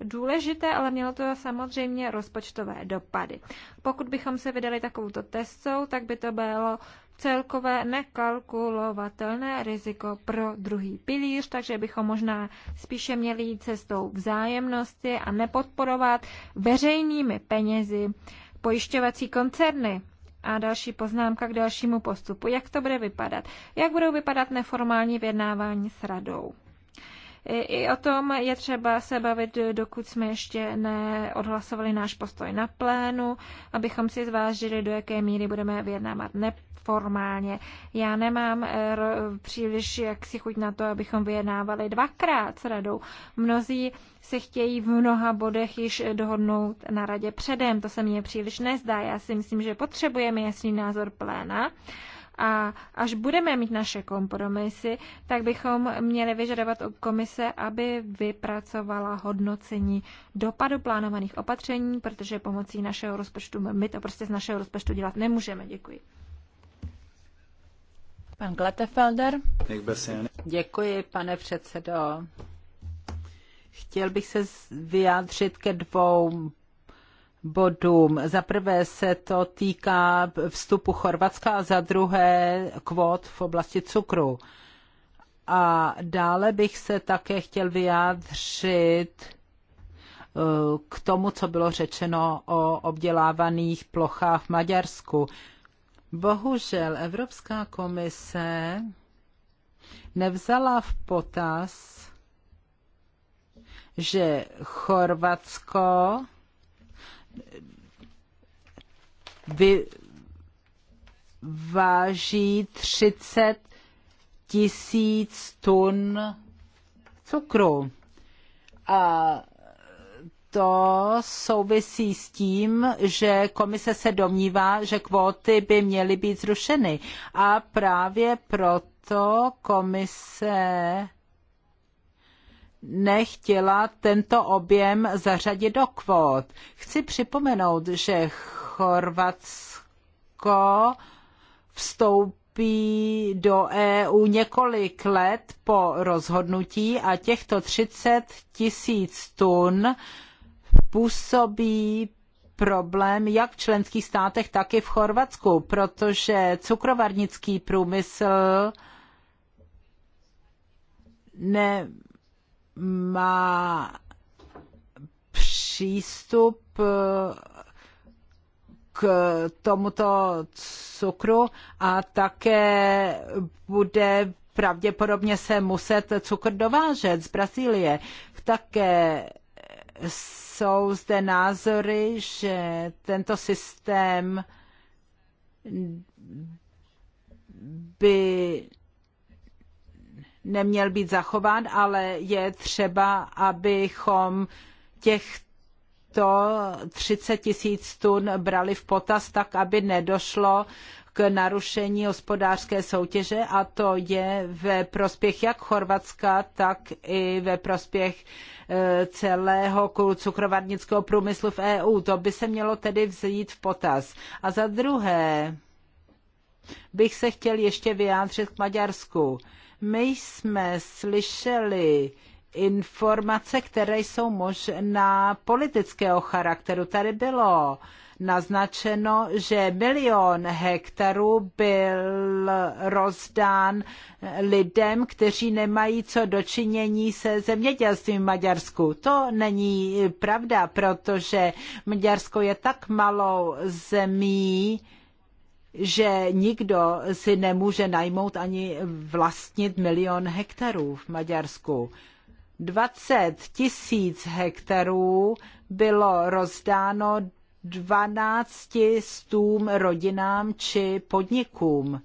důležité, ale mělo to samozřejmě rozpočtové dopady. Pokud bychom se vydali takovouto testou, tak by to bylo celkové nekalkulovatelné riziko pro druhý pilíř, takže bychom možná spíše měli jít cestou vzájemnosti a nepodporovat veřejnými penězi pojišťovací koncerny. A další poznámka k dalšímu postupu. Jak to bude vypadat? Jak budou vypadat neformální vyjednávání s radou? I o tom je třeba se bavit, dokud jsme ještě neodhlasovali náš postoj na plénu, abychom si zvážili, do jaké míry budeme vyjednávat formálně. Já nemám eh, příliš jaksi chuť na to, abychom vyjednávali dvakrát s radou. Mnozí se chtějí v mnoha bodech již dohodnout na radě předem. To se mně příliš nezdá. Já si myslím, že potřebujeme jasný názor pléna. A až budeme mít naše kompromisy, tak bychom měli vyžadovat od komise, aby vypracovala hodnocení dopadu plánovaných opatření, protože pomocí našeho rozpočtu my to prostě z našeho rozpočtu dělat nemůžeme. Děkuji. Pan Glattefelder. Děkuji, pane předsedo. Chtěl bych se vyjádřit ke dvou bodům. Za prvé se to týká vstupu Chorvatska a za druhé kvot v oblasti cukru. A dále bych se také chtěl vyjádřit eh, k tomu, co bylo řečeno o obdělávaných plochách v Maďarsku. Bohužel Evropská komise nevzala v potaz, že Chorvatsko vyváží 30 tisíc tun cukru. A to souvisí s tím, že komise se domnívá, že kvóty by měly být zrušeny. A právě proto komise nechtěla tento objem zařadit do kvót. Chci připomenout, že Chorvatsko vstoupí do EU několik let po rozhodnutí a těchto 30 tisíc tun působí problém jak v členských státech, tak i v Chorvatsku, protože cukrovarnický průmysl nemá přístup k tomuto cukru a také bude pravděpodobně se muset cukr dovážet z Brazílie. Také jsou zde názory, že tento systém by neměl být zachován, ale je třeba, abychom těchto 30 tisíc tun brali v potaz tak, aby nedošlo k narušení hospodářské soutěže a to je ve prospěch jak Chorvatska, tak i ve prospěch e, celého cukrovarnického průmyslu v EU. To by se mělo tedy vzít v potaz. A za druhé bych se chtěl ještě vyjádřit k Maďarsku. My jsme slyšeli, informace, které jsou možná politického charakteru. Tady bylo uh, naznačeno, že milion hektarů byl rozdán lidem, kteří nemají co dočinění se zemědělstvím v Maďarsku. To není pravda, protože Maďarsko je tak malou zemí, že nikdo si nemůže najmout ani vlastnit milion hektarů v Maďarsku. 20 tisíc hektarů bylo rozdáno 12 stům rodinám či podnikům.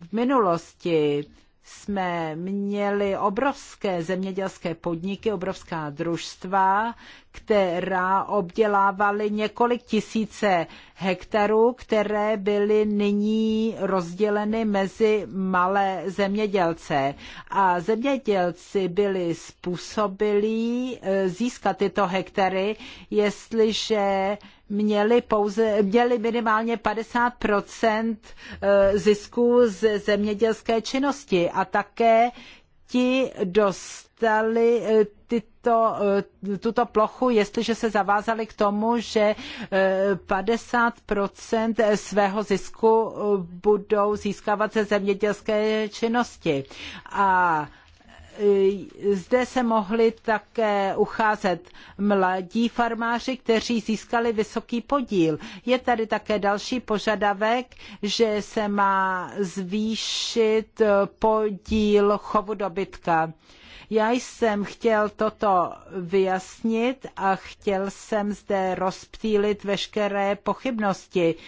V minulosti jsme měli obrovské zemědělské podniky, obrovská družstva, která obdělávaly několik tisíce hektarů, které byly nyní rozděleny mezi malé zemědělce. A zemědělci byli způsobili eh, získat tyto hektary, jestliže měli, pouze, měli minimálně 50 eh, zisku z zemědělské činnosti a také ti dostali eh, tyto, eh, tuto plochu, jestliže se zavázali k tomu, že 50 svého zisku budou získávat ze zemědělské činnosti. A Eh, zde se mohli také ucházet mladí farmáři, kteří získali vysoký podíl. Je tady také další požadavek, že se má zvýšit podíl chovu dobytka. Já jsem chtěl toto vyjasnit a chtěl jsem zde rozptýlit veškeré pochybnosti. Uh,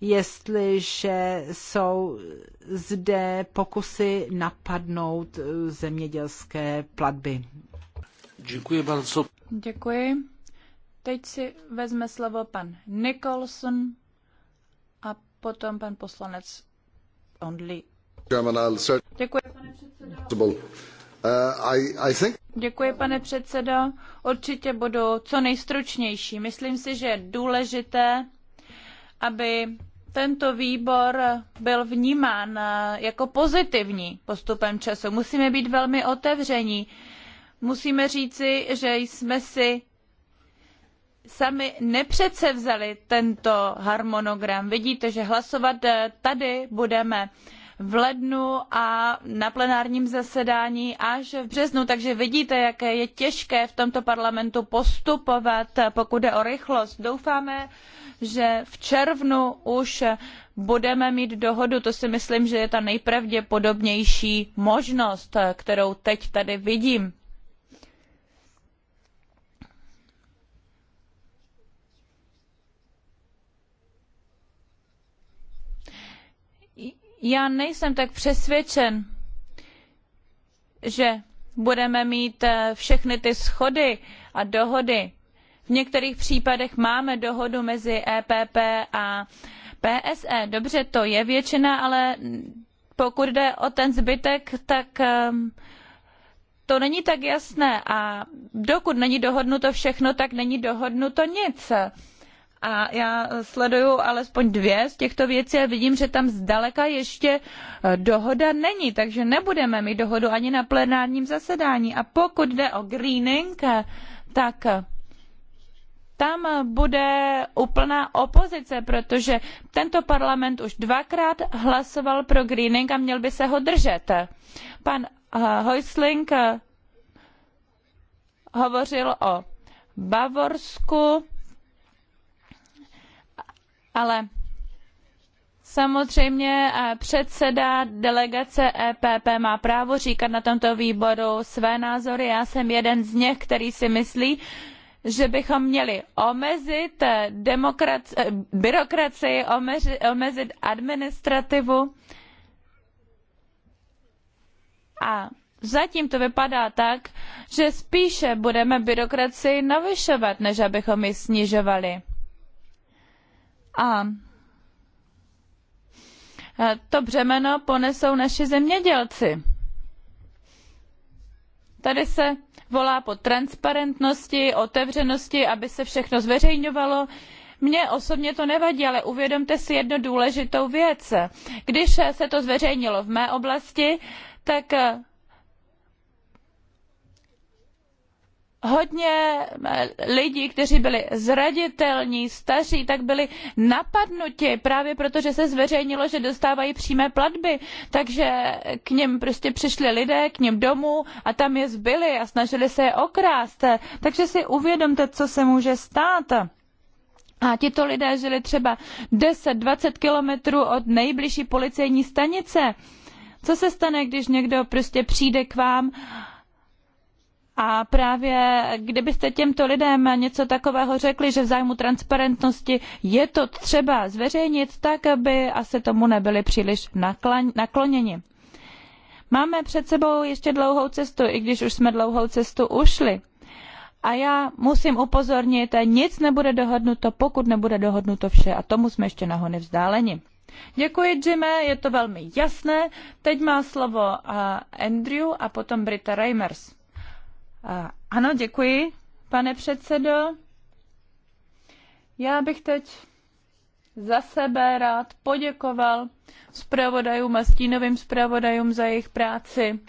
jestliže jsou zde pokusy napadnout eh, zemědělské platby. Děkuji bardzo. Děkuji. Teď si vezme slovo pan Nicholson a potom pan poslanec Only. Děkuji, pane uh, Děkuji, pane předsedo. Určitě budu co nejstručnější. Myslím si, že je důležité, aby tento výbor byl vnímán eh, jako pozitivní postupem času. Musíme být velmi otevření. Musíme říci, že jsme si sami vzali tento harmonogram. Vidíte, že hlasovat eh, tady budeme v lednu a na plenárním zasedání až v březnu, takže vidíte, jak je těžké v tomto parlamentu postupovat, pokud jde o rychlost. Doufáme, že v červnu už budeme mít dohodu. To si myslím, že je ta nejpravděpodobnější možnost, kterou teď tady vidím já nejsem tak přesvědčen, že budeme mít eh, všechny ty schody a dohody. V některých případech máme dohodu mezi EPP a PSE. Dobře, to je většina, ale pokud jde o ten zbytek, tak ehm, to není tak jasné. A dokud není dohodnuto všechno, tak není dohodnuto nic a já sleduju alespoň dvě z těchto věcí a vidím, že tam zdaleka ještě e, dohoda není, takže nebudeme mít dohodu ani na plenárním zasedání. A pokud jde o greening, tak tam bude úplná opozice, protože tento parlament už dvakrát hlasoval pro greening a měl by se ho držet. Pan e, Heusling hovořil o Bavorsku ale samozřejmě eh, předseda delegace epp má právo říkat na tomto výboru své názory já jsem jeden z nich který si myslí že bychom měli omezit eh, eh, byrokracii omezit administrativu a zatím to vypadá tak že spíše budeme byrokracii navyšovat než abychom ji snižovali a e, to břemeno ponesou naši zemědělci. Tady se volá po transparentnosti, otevřenosti, aby se všechno zveřejňovalo. Mně osobně to nevadí, ale uvědomte si jednu důležitou věc. Když se to zveřejnilo v mé oblasti, tak hodně eh, lidí, kteří byli zranitelní staří, tak byli napadnuti právě proto, že se zveřejnilo, že dostávají přímé platby. Takže k nim prostě přišli lidé, k nim domů a tam je zbyli a snažili se je okrást. Takže si uvědomte, co se může stát. A tito lidé žili třeba 10-20 kilometrů od nejbližší policejní stanice. Co se stane, když někdo prostě přijde k vám a právě kdybyste těmto lidem něco takového řekli, že v zájmu transparentnosti je to třeba zveřejnit, tak aby asi tomu nebyli příliš nakloněni. Máme před sebou ještě dlouhou cestu, i když už jsme dlouhou cestu ušli. A já musím upozornit, nic nebude dohodnuto, pokud nebude dohodnuto vše. A tomu jsme ještě nahony vzdáleni. Děkuji, Jime, je to velmi jasné. Teď má slovo eh, Andrew a potom Brita Reimers. Ano, děkuji, pane předsedo. Já bych teď za sebe rád poděkoval zpravodajům a stínovým zpravodajům za jejich práci.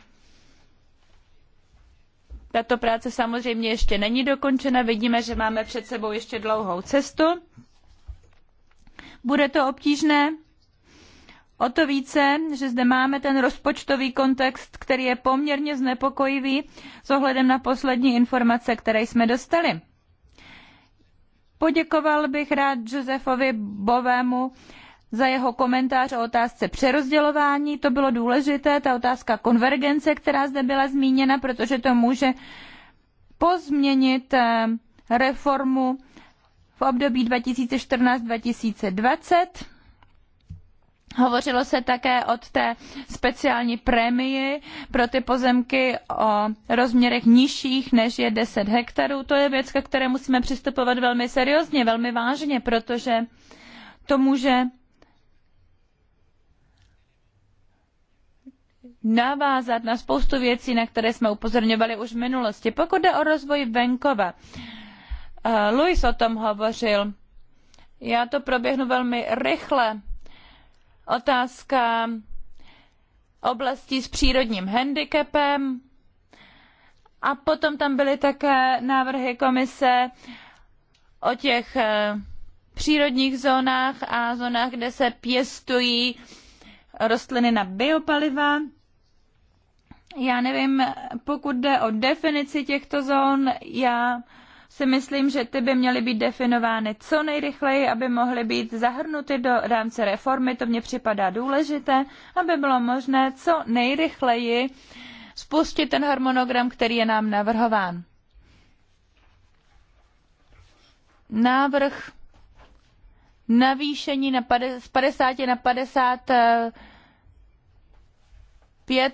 Tato práce samozřejmě ještě není dokončena, vidíme, že máme před sebou ještě dlouhou cestu. Bude to obtížné, O to více, že zde máme ten rozpočtový kontext, který je poměrně znepokojivý s ohledem na poslední informace, které jsme dostali. Poděkoval bych rád Josefovi Bovému za jeho komentář o otázce přerozdělování. To bylo důležité, ta otázka konvergence, která zde byla zmíněna, protože to může pozměnit eh, reformu v období 2014-2020 Hovořilo se také o té speciální prémii pro ty pozemky o rozměrech nižších než je 10 hektarů. To je věc, ke které musíme přistupovat velmi seriózně, velmi vážně, protože to může navázat na spoustu věcí, na které jsme upozorňovali už v minulosti. Pokud jde o rozvoj venkova, eh, Luis o tom hovořil. Já to proběhnu velmi rychle otázka oblastí s přírodním handicapem a potom tam byly také návrhy komise o těch eh, přírodních zónách a zónách, kde se pěstují rostliny na biopaliva. Já nevím, pokud jde o definici těchto zón, já si myslím, že ty by měly být definovány co nejrychleji, aby mohly být zahrnuty do rámce reformy, to mně připadá důležité, aby bylo možné co nejrychleji spustit ten harmonogram, který je nám navrhován. Návrh navýšení na 50, z 50 na 50 5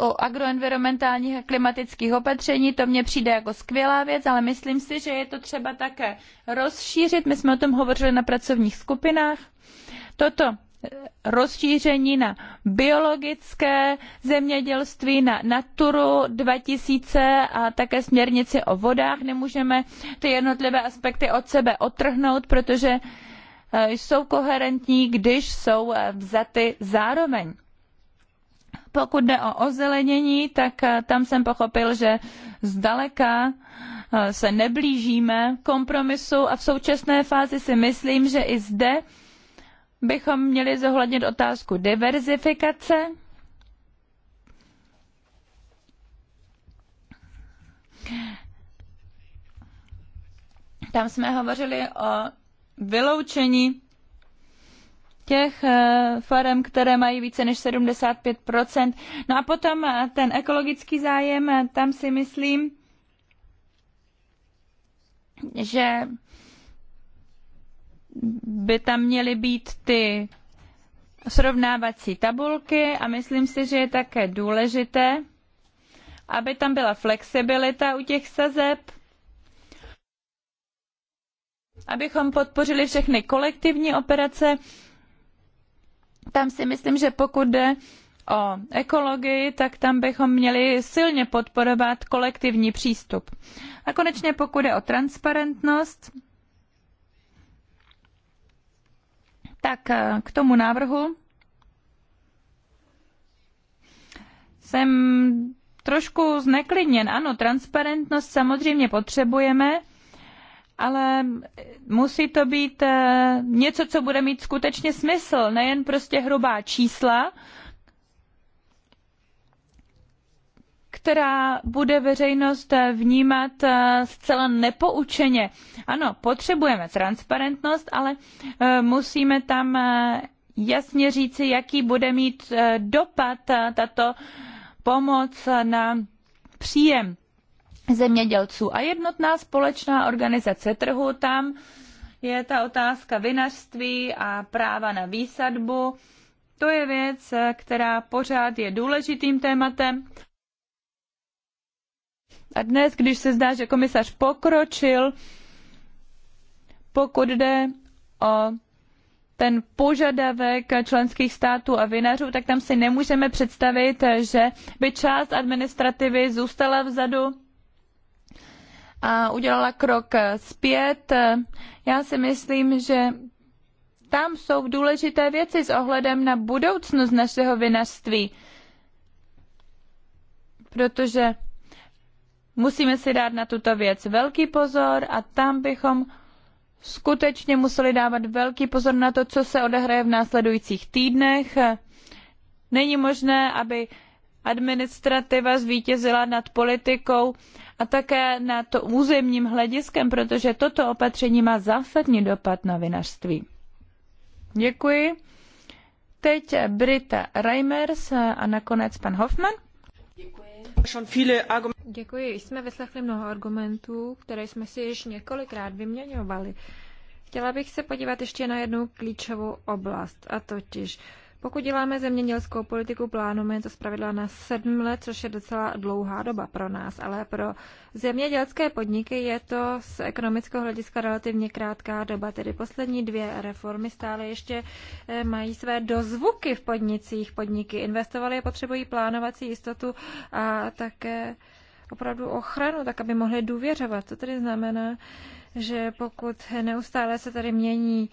u agroenvironmentálních a klimatických opatření. To mně přijde jako skvělá věc, ale myslím si, že je to třeba také rozšířit. My jsme o tom hovořili na pracovních skupinách. Toto rozšíření na biologické zemědělství, na Naturu 2000 a také směrnici o vodách. Nemůžeme ty jednotlivé aspekty od sebe otrhnout, protože e, jsou koherentní, když jsou e, vzaty zároveň pokud jde o ozelenění, tak eh, tam jsem pochopil, že zdaleka eh, se neblížíme kompromisu a v současné fázi si myslím, že i zde bychom měli zohlednit otázku diverzifikace. Tam jsme hovořili o vyloučení těch eh, farem, které mají více než 75 No a potom eh, ten ekologický zájem, eh, tam si myslím, že by tam měly být ty srovnávací tabulky a myslím si, že je také důležité, aby tam byla flexibilita u těch sazeb, abychom podpořili všechny kolektivní operace, tam si myslím, že pokud jde o ekologii, tak tam bychom měli silně podporovat kolektivní přístup. A konečně pokud jde o transparentnost, tak eh, k tomu návrhu jsem trošku zneklidněn. Ano, transparentnost samozřejmě potřebujeme, ale musí to být eh, něco, co bude mít skutečně smysl, nejen prostě hrubá čísla, která bude veřejnost eh, vnímat eh, zcela nepoučeně. Ano, potřebujeme transparentnost, ale musíme tam jasně říci, jaký bude mít dopad tato pomoc na příjem zemědělců. A jednotná společná organizace trhu tam je ta otázka vinařství a práva na výsadbu. To je věc, která pořád je důležitým tématem. A dnes, když se zdá, že komisař pokročil, pokud jde o ten požadavek členských států a vinařů, tak tam si nemůžeme představit, že by část administrativy zůstala vzadu a udělala krok zpět. Já si myslím, že tam jsou důležité věci s ohledem na budoucnost našeho vinařství, protože musíme si dát na tuto věc velký pozor a tam bychom skutečně museli dávat velký pozor na to, co se odehraje v následujících týdnech. Není možné, aby administrativa zvítězila nad politikou a také nad územním hlediskem, protože toto opatření má zásadní dopad na vinařství. Děkuji. Teď Brita Reimers a nakonec pan Hoffman. Děkuji. Děkuji. Jsme vyslechli mnoho argumentů, které jsme si již několikrát vyměňovali. Chtěla bych se podívat ještě na jednu klíčovou oblast, a totiž pokud děláme zemědělskou politiku, plánujeme to zpravidla na sedm let, což je docela dlouhá doba pro nás, ale pro zemědělské podniky je to z ekonomického hlediska relativně krátká doba. Tedy poslední dvě reformy stále ještě eh, mají své dozvuky v podnicích. Podniky investovaly a potřebují plánovací jistotu a také opravdu ochranu, tak aby mohli důvěřovat. Co tedy znamená, že pokud neustále se tady mění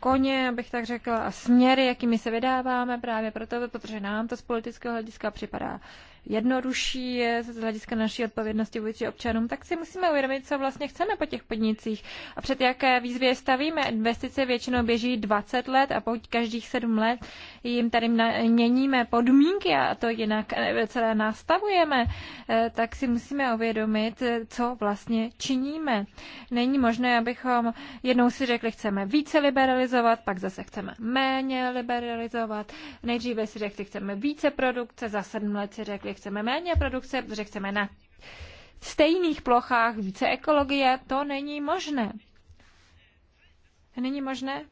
koně, abych tak řekla, a směry, jakými se vydáváme právě proto, protože nám to z politického hlediska připadá jednodušší z hlediska naší odpovědnosti vůči občanům, tak si musíme uvědomit, co vlastně chceme po těch podnicích a před jaké výzvy stavíme. Investice většinou běží 20 let a po každých 7 let jim tady měníme podmínky a to jinak eh, celé nastavujeme, eh, tak si musíme uvědomit, co vlastně činíme. Není možné, abychom jednou si řekli, chceme více liberalizovat, pak zase chceme méně liberalizovat. Nejdříve si řekli, chceme více produkce, za 7 let si řekli, že chceme méně produkce, že chceme na stejných plochách více ekologie, to není možné. Není možné,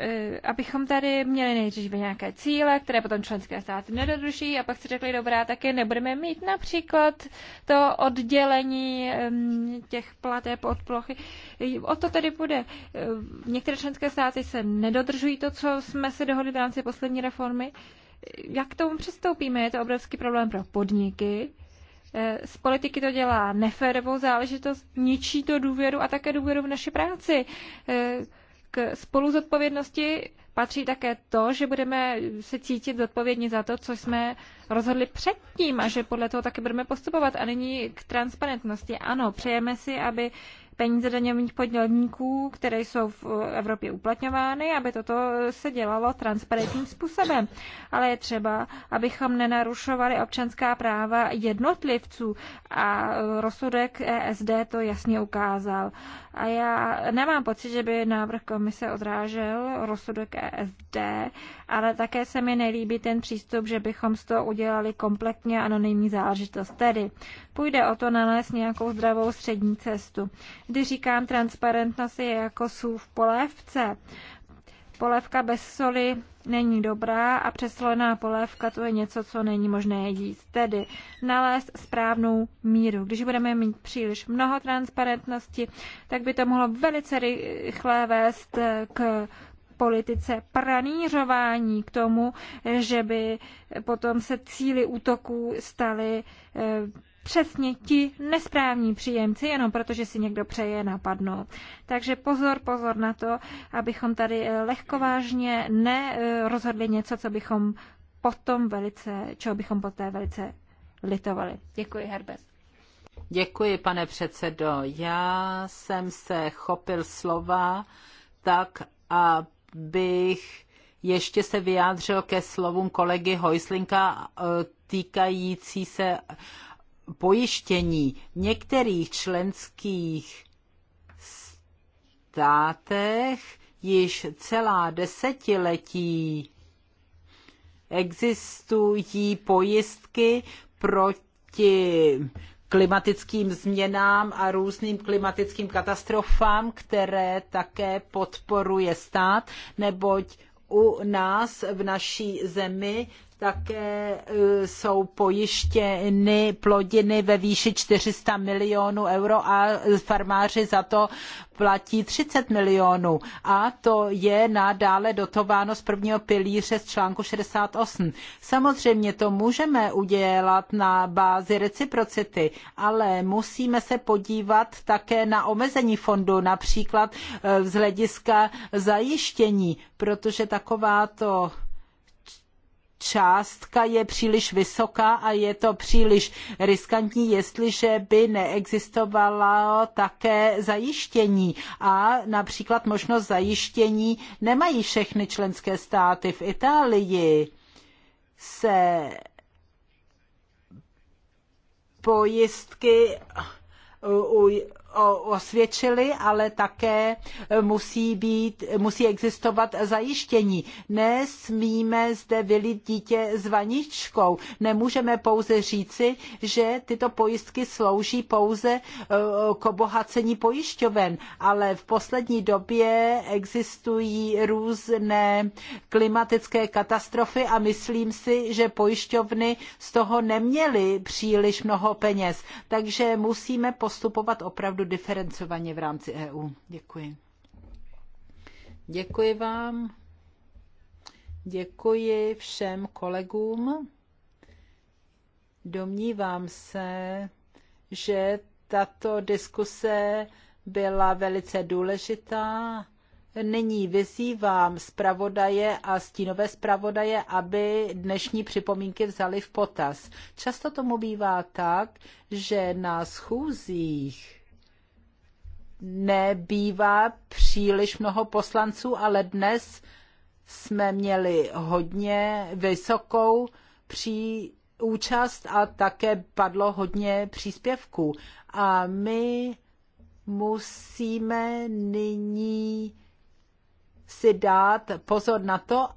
eh, abychom tady měli nejdříve nějaké cíle, které potom členské státy nedodruší a pak si řekli, dobrá, taky nebudeme mít například to oddělení těch plateb od plochy. O to tedy bude. Eh, některé členské státy se nedodržují to, co jsme se dohodli v rámci poslední reformy jak k tomu přistoupíme? Je to obrovský problém pro podniky. Eh, z politiky to dělá neférovou záležitost, ničí to důvěru a také důvěru v naši práci. Eh, k spolu zodpovědnosti patří také to, že budeme se cítit zodpovědní za to, co jsme rozhodli předtím a že podle toho také budeme postupovat. A nyní k transparentnosti. Ano, přejeme si, aby peníze daňových podělníků, které jsou v Evropě uplatňovány, aby toto se dělalo transparentním způsobem. Ale je třeba, abychom nenarušovali občanská práva jednotlivců a rozsudek ESD to jasně ukázal. A já nemám pocit, že by návrh komise odrážel rozsudek ESD, ale také se mi nelíbí ten přístup, že bychom z toho udělali kompletně anonymní záležitost. Tedy půjde o to nalézt nějakou zdravou střední cestu kdy říkám, transparentnost je jako v polévce. Polévka bez soli není dobrá a přesloná polévka to je něco, co není možné jíst. Tedy nalézt správnou míru. Když budeme mít příliš mnoho transparentnosti, tak by to mohlo velice rychle vést eh, k politice pranířování k tomu, že by potom se cíly útoků staly eh, přesně ti nesprávní příjemci, jenom protože si někdo přeje napadnout. Takže pozor, pozor na to, abychom tady eh, lehkovážně nerozhodli eh, něco, co bychom potom velice, čeho bychom poté velice litovali. Děkuji, Herbert. Děkuji, pane předsedo. Já jsem se chopil slova tak, abych ještě se vyjádřil ke slovům kolegy Hojslinka eh, týkající se pojištění v některých členských státech již celá desetiletí existují pojistky proti klimatickým změnám a různým klimatickým katastrofám, které také podporuje stát, neboť u nás v naší zemi také eh, jsou pojištěny plodiny ve výši 400 milionů eur a farmáři za to platí 30 milionů. A to je nadále dotováno z prvního pilíře z článku 68. Samozřejmě to můžeme udělat na bázi reciprocity, ale musíme se podívat také na omezení fondu, například eh, z hlediska zajištění, protože takováto částka je příliš vysoká a je to příliš riskantní, jestliže by neexistovalo také zajištění. A například možnost zajištění nemají všechny členské státy. V Itálii se pojistky u osvědčily, ale také musí, být, musí existovat zajištění. Nesmíme zde vylít dítě s vaničkou. Nemůžeme pouze říci, že tyto pojistky slouží pouze e, k obohacení pojišťoven, ale v poslední době existují různé klimatické katastrofy a myslím si, že pojišťovny z toho neměly příliš mnoho peněz. Takže musíme postupovat opravdu opravdu diferencovaně v rámci EU. Děkuji. Děkuji vám. Děkuji všem kolegům. Domnívám se, že tato diskuse byla velice důležitá. Nyní vyzývám zpravodaje a stínové zpravodaje, aby dnešní připomínky vzali v potaz. Často tomu bývá tak, že na schůzích nebývá příliš mnoho poslanců, ale dnes jsme měli hodně vysokou pří účast a také padlo hodně příspěvků. A my musíme nyní si dát pozor na to,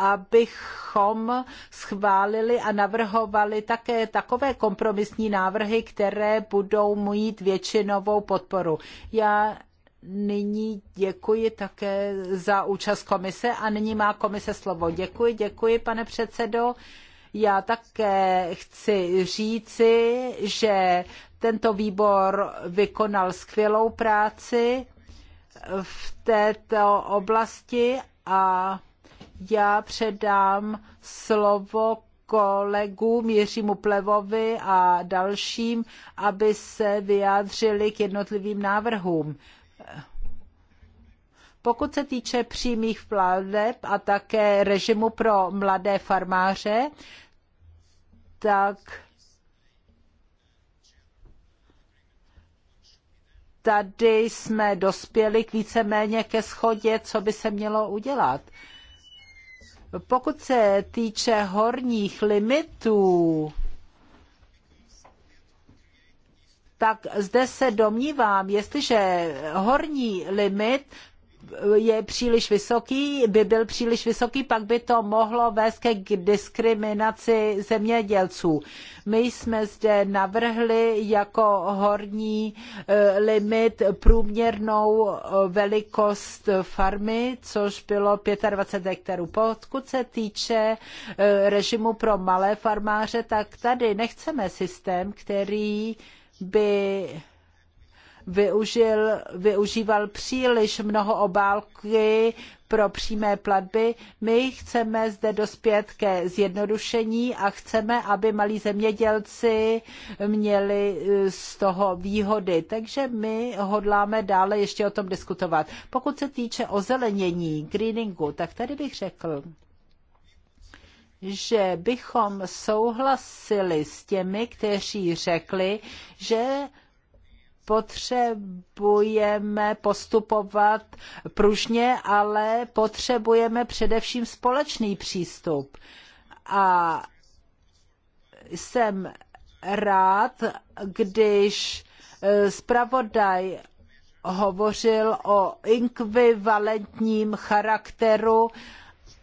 abychom schválili a navrhovali také takové kompromisní návrhy, které budou mít většinovou podporu. Já nyní děkuji také za účast komise a nyní má komise slovo. Děkuji, děkuji, pane předsedo. Já také chci říci, že tento výbor vykonal skvělou práci v této oblasti a já předám slovo kolegům Jiřímu Plevovi a dalším, aby se vyjádřili k jednotlivým návrhům. Pokud se týče přímých plateb a také režimu pro mladé farmáře, tak tady jsme dospěli k víceméně ke schodě, co by se mělo udělat. Pokud se týče horních limitů, tak zde se domnívám, jestliže horní limit je příliš vysoký, by byl příliš vysoký, pak by to mohlo vést ke diskriminaci zemědělců. My jsme zde navrhli jako horní e, limit průměrnou e, velikost farmy, což bylo 25 hektarů. Pokud se týče e, režimu pro malé farmáře, tak tady nechceme systém, který by využil, využíval příliš mnoho obálky pro přímé platby. My chceme zde dospět ke zjednodušení a chceme, aby malí zemědělci měli eh, z toho výhody. Takže my hodláme dále ještě o tom diskutovat. Pokud se týče ozelenění, greeningu, tak tady bych řekl, že bychom souhlasili s těmi, kteří řekli, že potřebujeme postupovat pružně, ale potřebujeme především společný přístup. A jsem rád, když eh, zpravodaj hovořil o inkvivalentním charakteru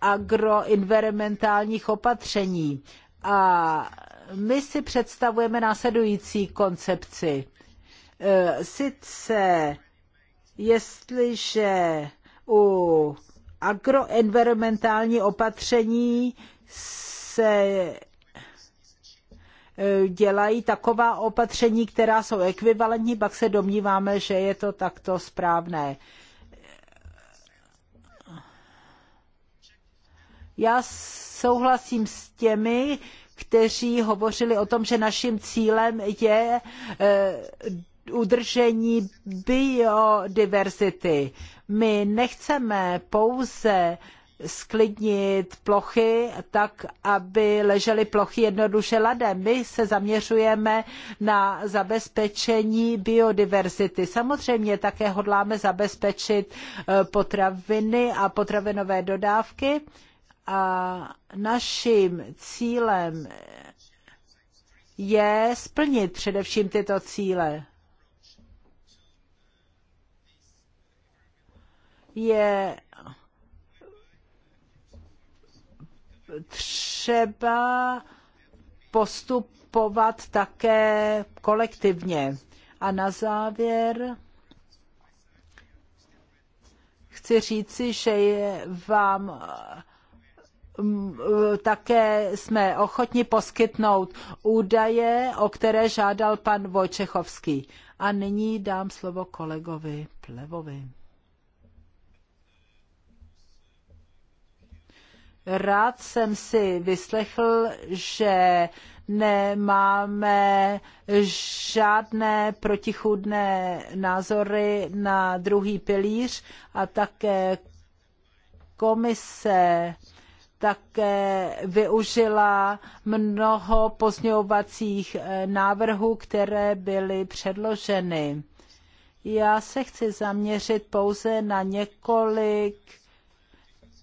agroenvironmentálních opatření. A my si představujeme následující koncepci E, sice jestliže u agroenvironmentální opatření se e, dělají taková opatření, která jsou ekvivalentní, pak se domníváme, že je to takto správné. Já souhlasím s těmi, kteří hovořili o tom, že naším cílem je e, udržení biodiverzity. My nechceme pouze sklidnit plochy tak, aby ležely plochy jednoduše ladem. My se zaměřujeme na zabezpečení biodiverzity. Samozřejmě také hodláme zabezpečit eh, potraviny a potravinové dodávky a naším cílem je splnit především tyto cíle. je třeba postupovat také kolektivně. A na závěr chci říci, že je vám mm, také jsme ochotni poskytnout údaje, o které žádal pan Vojčechovský. A nyní dám slovo kolegovi Plevovi. Rád jsem si vyslechl, že nemáme žádné protichůdné názory na druhý pilíř a také komise také využila mnoho pozměňovacích eh, návrhů, které byly předloženy. Já se chci zaměřit pouze na několik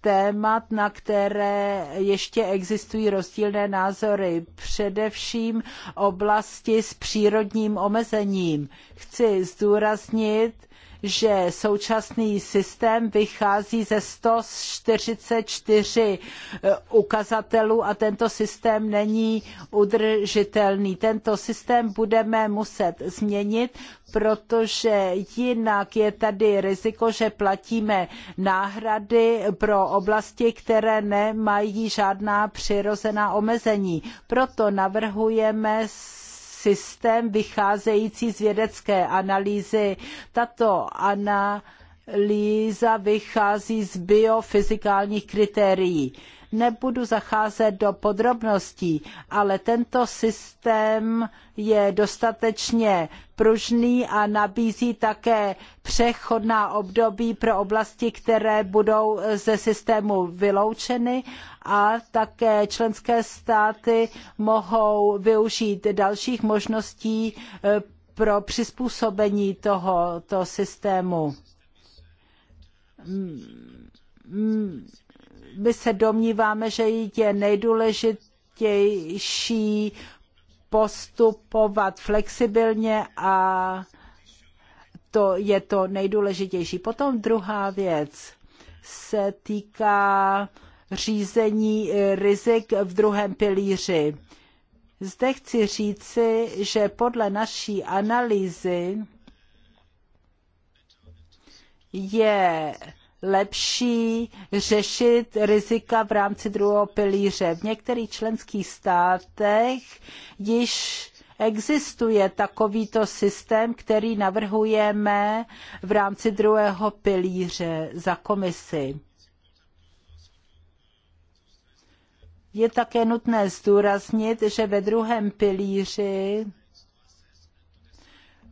témat, na které ještě existují rozdílné názory, především oblasti s přírodním omezením. Chci zdůraznit, že současný systém vychází ze 144 eh, ukazatelů a tento systém není udržitelný. Tento systém budeme muset změnit, protože jinak je tady riziko, že platíme náhrady pro oblasti, které nemají žádná přirozená omezení. Proto navrhujeme s systém vycházející z vědecké analýzy. Tato analýza vychází z biofyzikálních kritérií Nebudu zacházet do podrobností, ale tento systém je dostatečně pružný a nabízí také přechodná období pro oblasti, které budou ze systému vyloučeny a také členské státy mohou využít dalších možností eh, pro přizpůsobení tohoto systému my se domníváme, že je nejdůležitější postupovat flexibilně a to je to nejdůležitější. Potom druhá věc se týká řízení rizik v druhém pilíři. Zde chci říci, že podle naší analýzy je lepší řešit rizika v rámci druhého pilíře. V některých členských státech již existuje takovýto systém, který navrhujeme v rámci druhého pilíře za komisi. Je také nutné zdůraznit, že ve druhém pilíři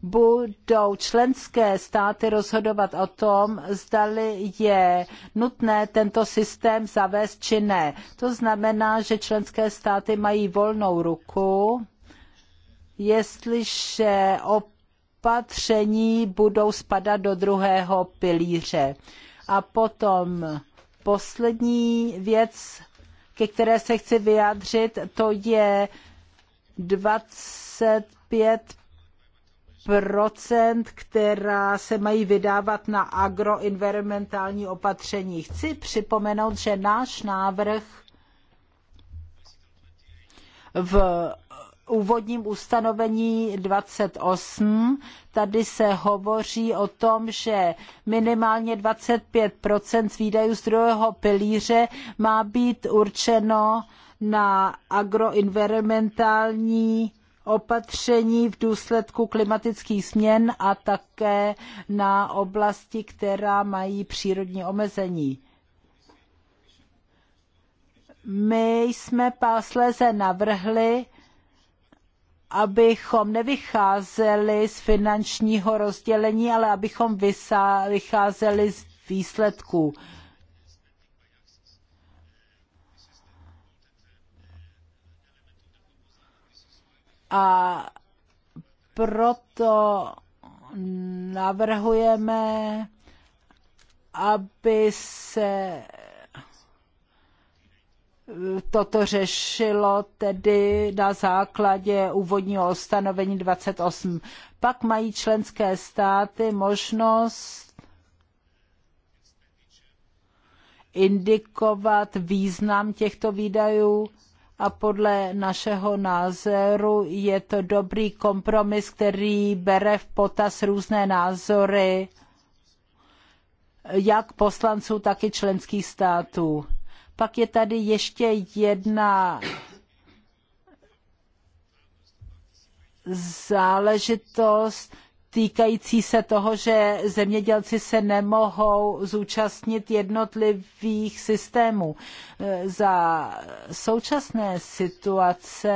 budou členské státy rozhodovat o tom, zdali je nutné tento systém zavést či ne. To znamená, že členské státy mají volnou ruku, jestliže opatření budou spadat do druhého pilíře. A potom poslední věc, ke které se chci vyjádřit, to je 25 procent, která se mají vydávat na agroenvironmentální opatření. Chci připomenout, že náš návrh v úvodním ustanovení 28 tady se hovoří o tom, že minimálně 25 z výdajů z druhého pilíře má být určeno na agroenvironmentální opatření v důsledku klimatických změn a také na oblasti, která mají přírodní omezení. My jsme pásléze navrhli, abychom nevycházeli z finančního rozdělení, ale abychom vycházeli z výsledků. A proto navrhujeme, aby se toto řešilo tedy na základě úvodního ustanovení 28. Pak mají členské státy možnost indikovat význam těchto výdajů a podle našeho názoru je to dobrý kompromis, který bere v potaz různé názory jak poslanců, tak i členských států. Pak je tady ještě jedna záležitost, týkající se toho, že zemědělci se nemohou zúčastnit jednotlivých systémů. Za současné situace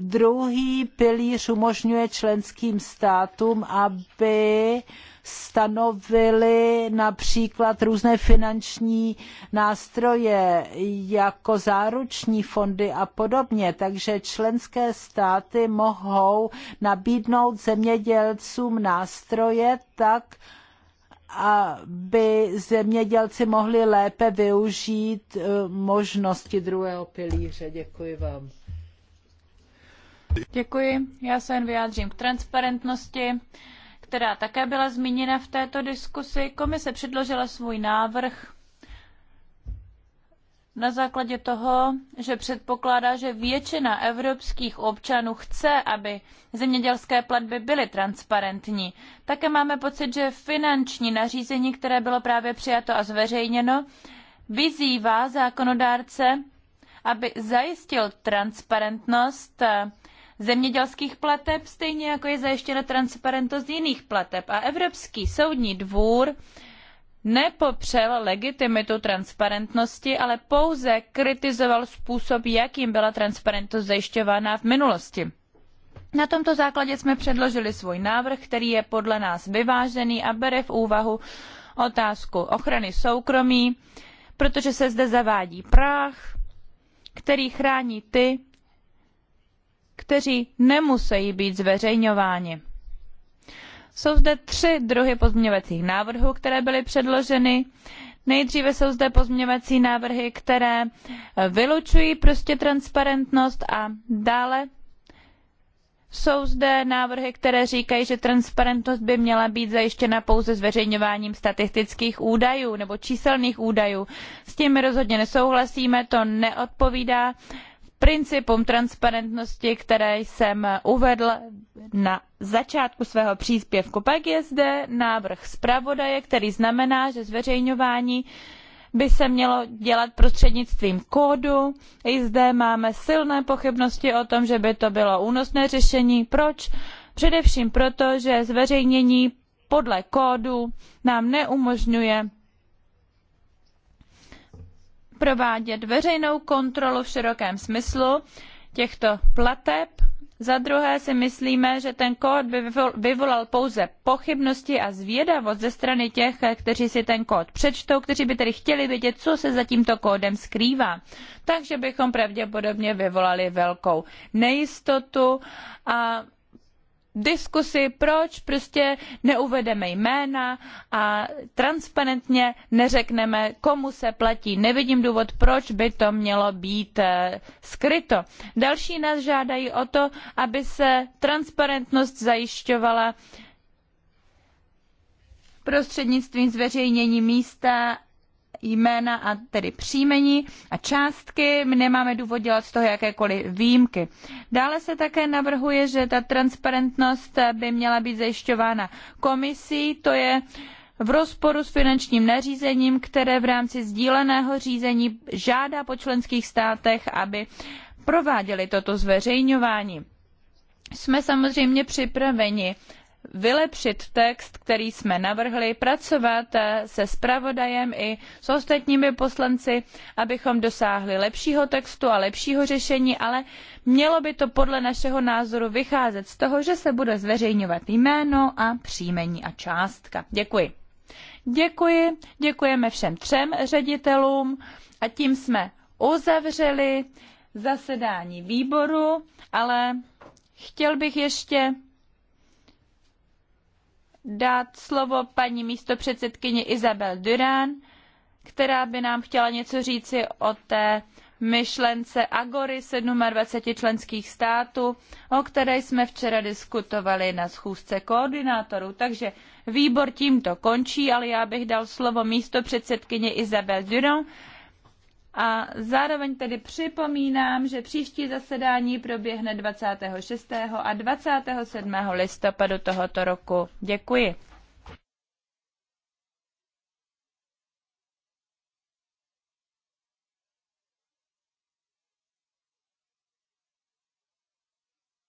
druhý pilíř umožňuje členským státům, aby stanovili například různé finanční nástroje jako záruční fondy a podobně. Takže členské státy mohou nabídnout zemědělcům nástroje tak, aby zemědělci mohli lépe využít eh, možnosti druhého pilíře. Děkuji vám. Děkuji. Já se jen vyjádřím k transparentnosti která také byla zmíněna v této diskusi. Komise předložila svůj návrh na základě toho, že předpokládá, že většina evropských občanů chce, aby zemědělské platby byly transparentní. Také máme pocit, že finanční nařízení, které bylo právě přijato a zveřejněno, vyzývá zákonodárce, aby zajistil transparentnost zemědělských plateb, stejně jako je zajištěna transparentnost jiných plateb. A Evropský soudní dvůr nepopřel legitimitu transparentnosti, ale pouze kritizoval způsob, jakým byla transparentnost zajišťována v minulosti. Na tomto základě jsme předložili svůj návrh, který je podle nás vyvážený a bere v úvahu otázku ochrany soukromí, protože se zde zavádí práh, který chrání ty, kteří nemusí být zveřejňováni. Jsou zde tři druhy pozměňovacích návrhů, které byly předloženy. Nejdříve jsou zde pozměňovací návrhy, které eh, vylučují prostě transparentnost a dále jsou zde návrhy, které říkají, že transparentnost by měla být zajištěna pouze zveřejňováním statistických údajů nebo číselných údajů. S tím my rozhodně nesouhlasíme, to neodpovídá principům transparentnosti, které jsem uvedl na začátku svého příspěvku. Pak je zde návrh zpravodaje, který znamená, že zveřejňování by se mělo dělat prostřednictvím kódu. I zde máme silné pochybnosti o tom, že by to bylo únosné řešení. Proč? Především proto, že zveřejnění podle kódu nám neumožňuje provádět veřejnou kontrolu v širokém smyslu těchto plateb. Za druhé si myslíme, že ten kód by vyvolal pouze pochybnosti a zvědavost ze strany těch, kteří si ten kód přečtou, kteří by tedy chtěli vědět, co se za tímto kódem skrývá. Takže bychom pravděpodobně vyvolali velkou nejistotu a diskusi, proč prostě neuvedeme jména a transparentně neřekneme, komu se platí. Nevidím důvod, proč by to mělo být eh, skryto. Další nás žádají o to, aby se transparentnost zajišťovala prostřednictvím zveřejnění místa jména a tedy příjmení a částky. My nemáme důvod dělat z toho jakékoliv výjimky. Dále se také navrhuje, že ta transparentnost by měla být zajišťována komisí, to je v rozporu s finančním nařízením, které v rámci sdíleného řízení žádá po členských státech, aby prováděli toto zveřejňování. Jsme samozřejmě připraveni vylepšit text, který jsme navrhli, pracovat eh, se spravodajem i s ostatními poslanci, abychom dosáhli lepšího textu a lepšího řešení, ale mělo by to podle našeho názoru vycházet z toho, že se bude zveřejňovat jméno a příjmení a částka. Děkuji. Děkuji, děkujeme všem třem ředitelům a tím jsme uzavřeli zasedání výboru, ale chtěl bych ještě dát slovo paní místopředsedkyni Isabel Durán, která by nám chtěla něco říci o té myšlence Agory 27 členských států, o které jsme včera diskutovali na schůzce koordinátorů. Takže výbor tímto končí, ale já bych dal slovo místo předsedkyně Isabel Durand, a zároveň tedy připomínám, že příští zasedání proběhne 26. a 27. listopadu tohoto roku. Děkuji.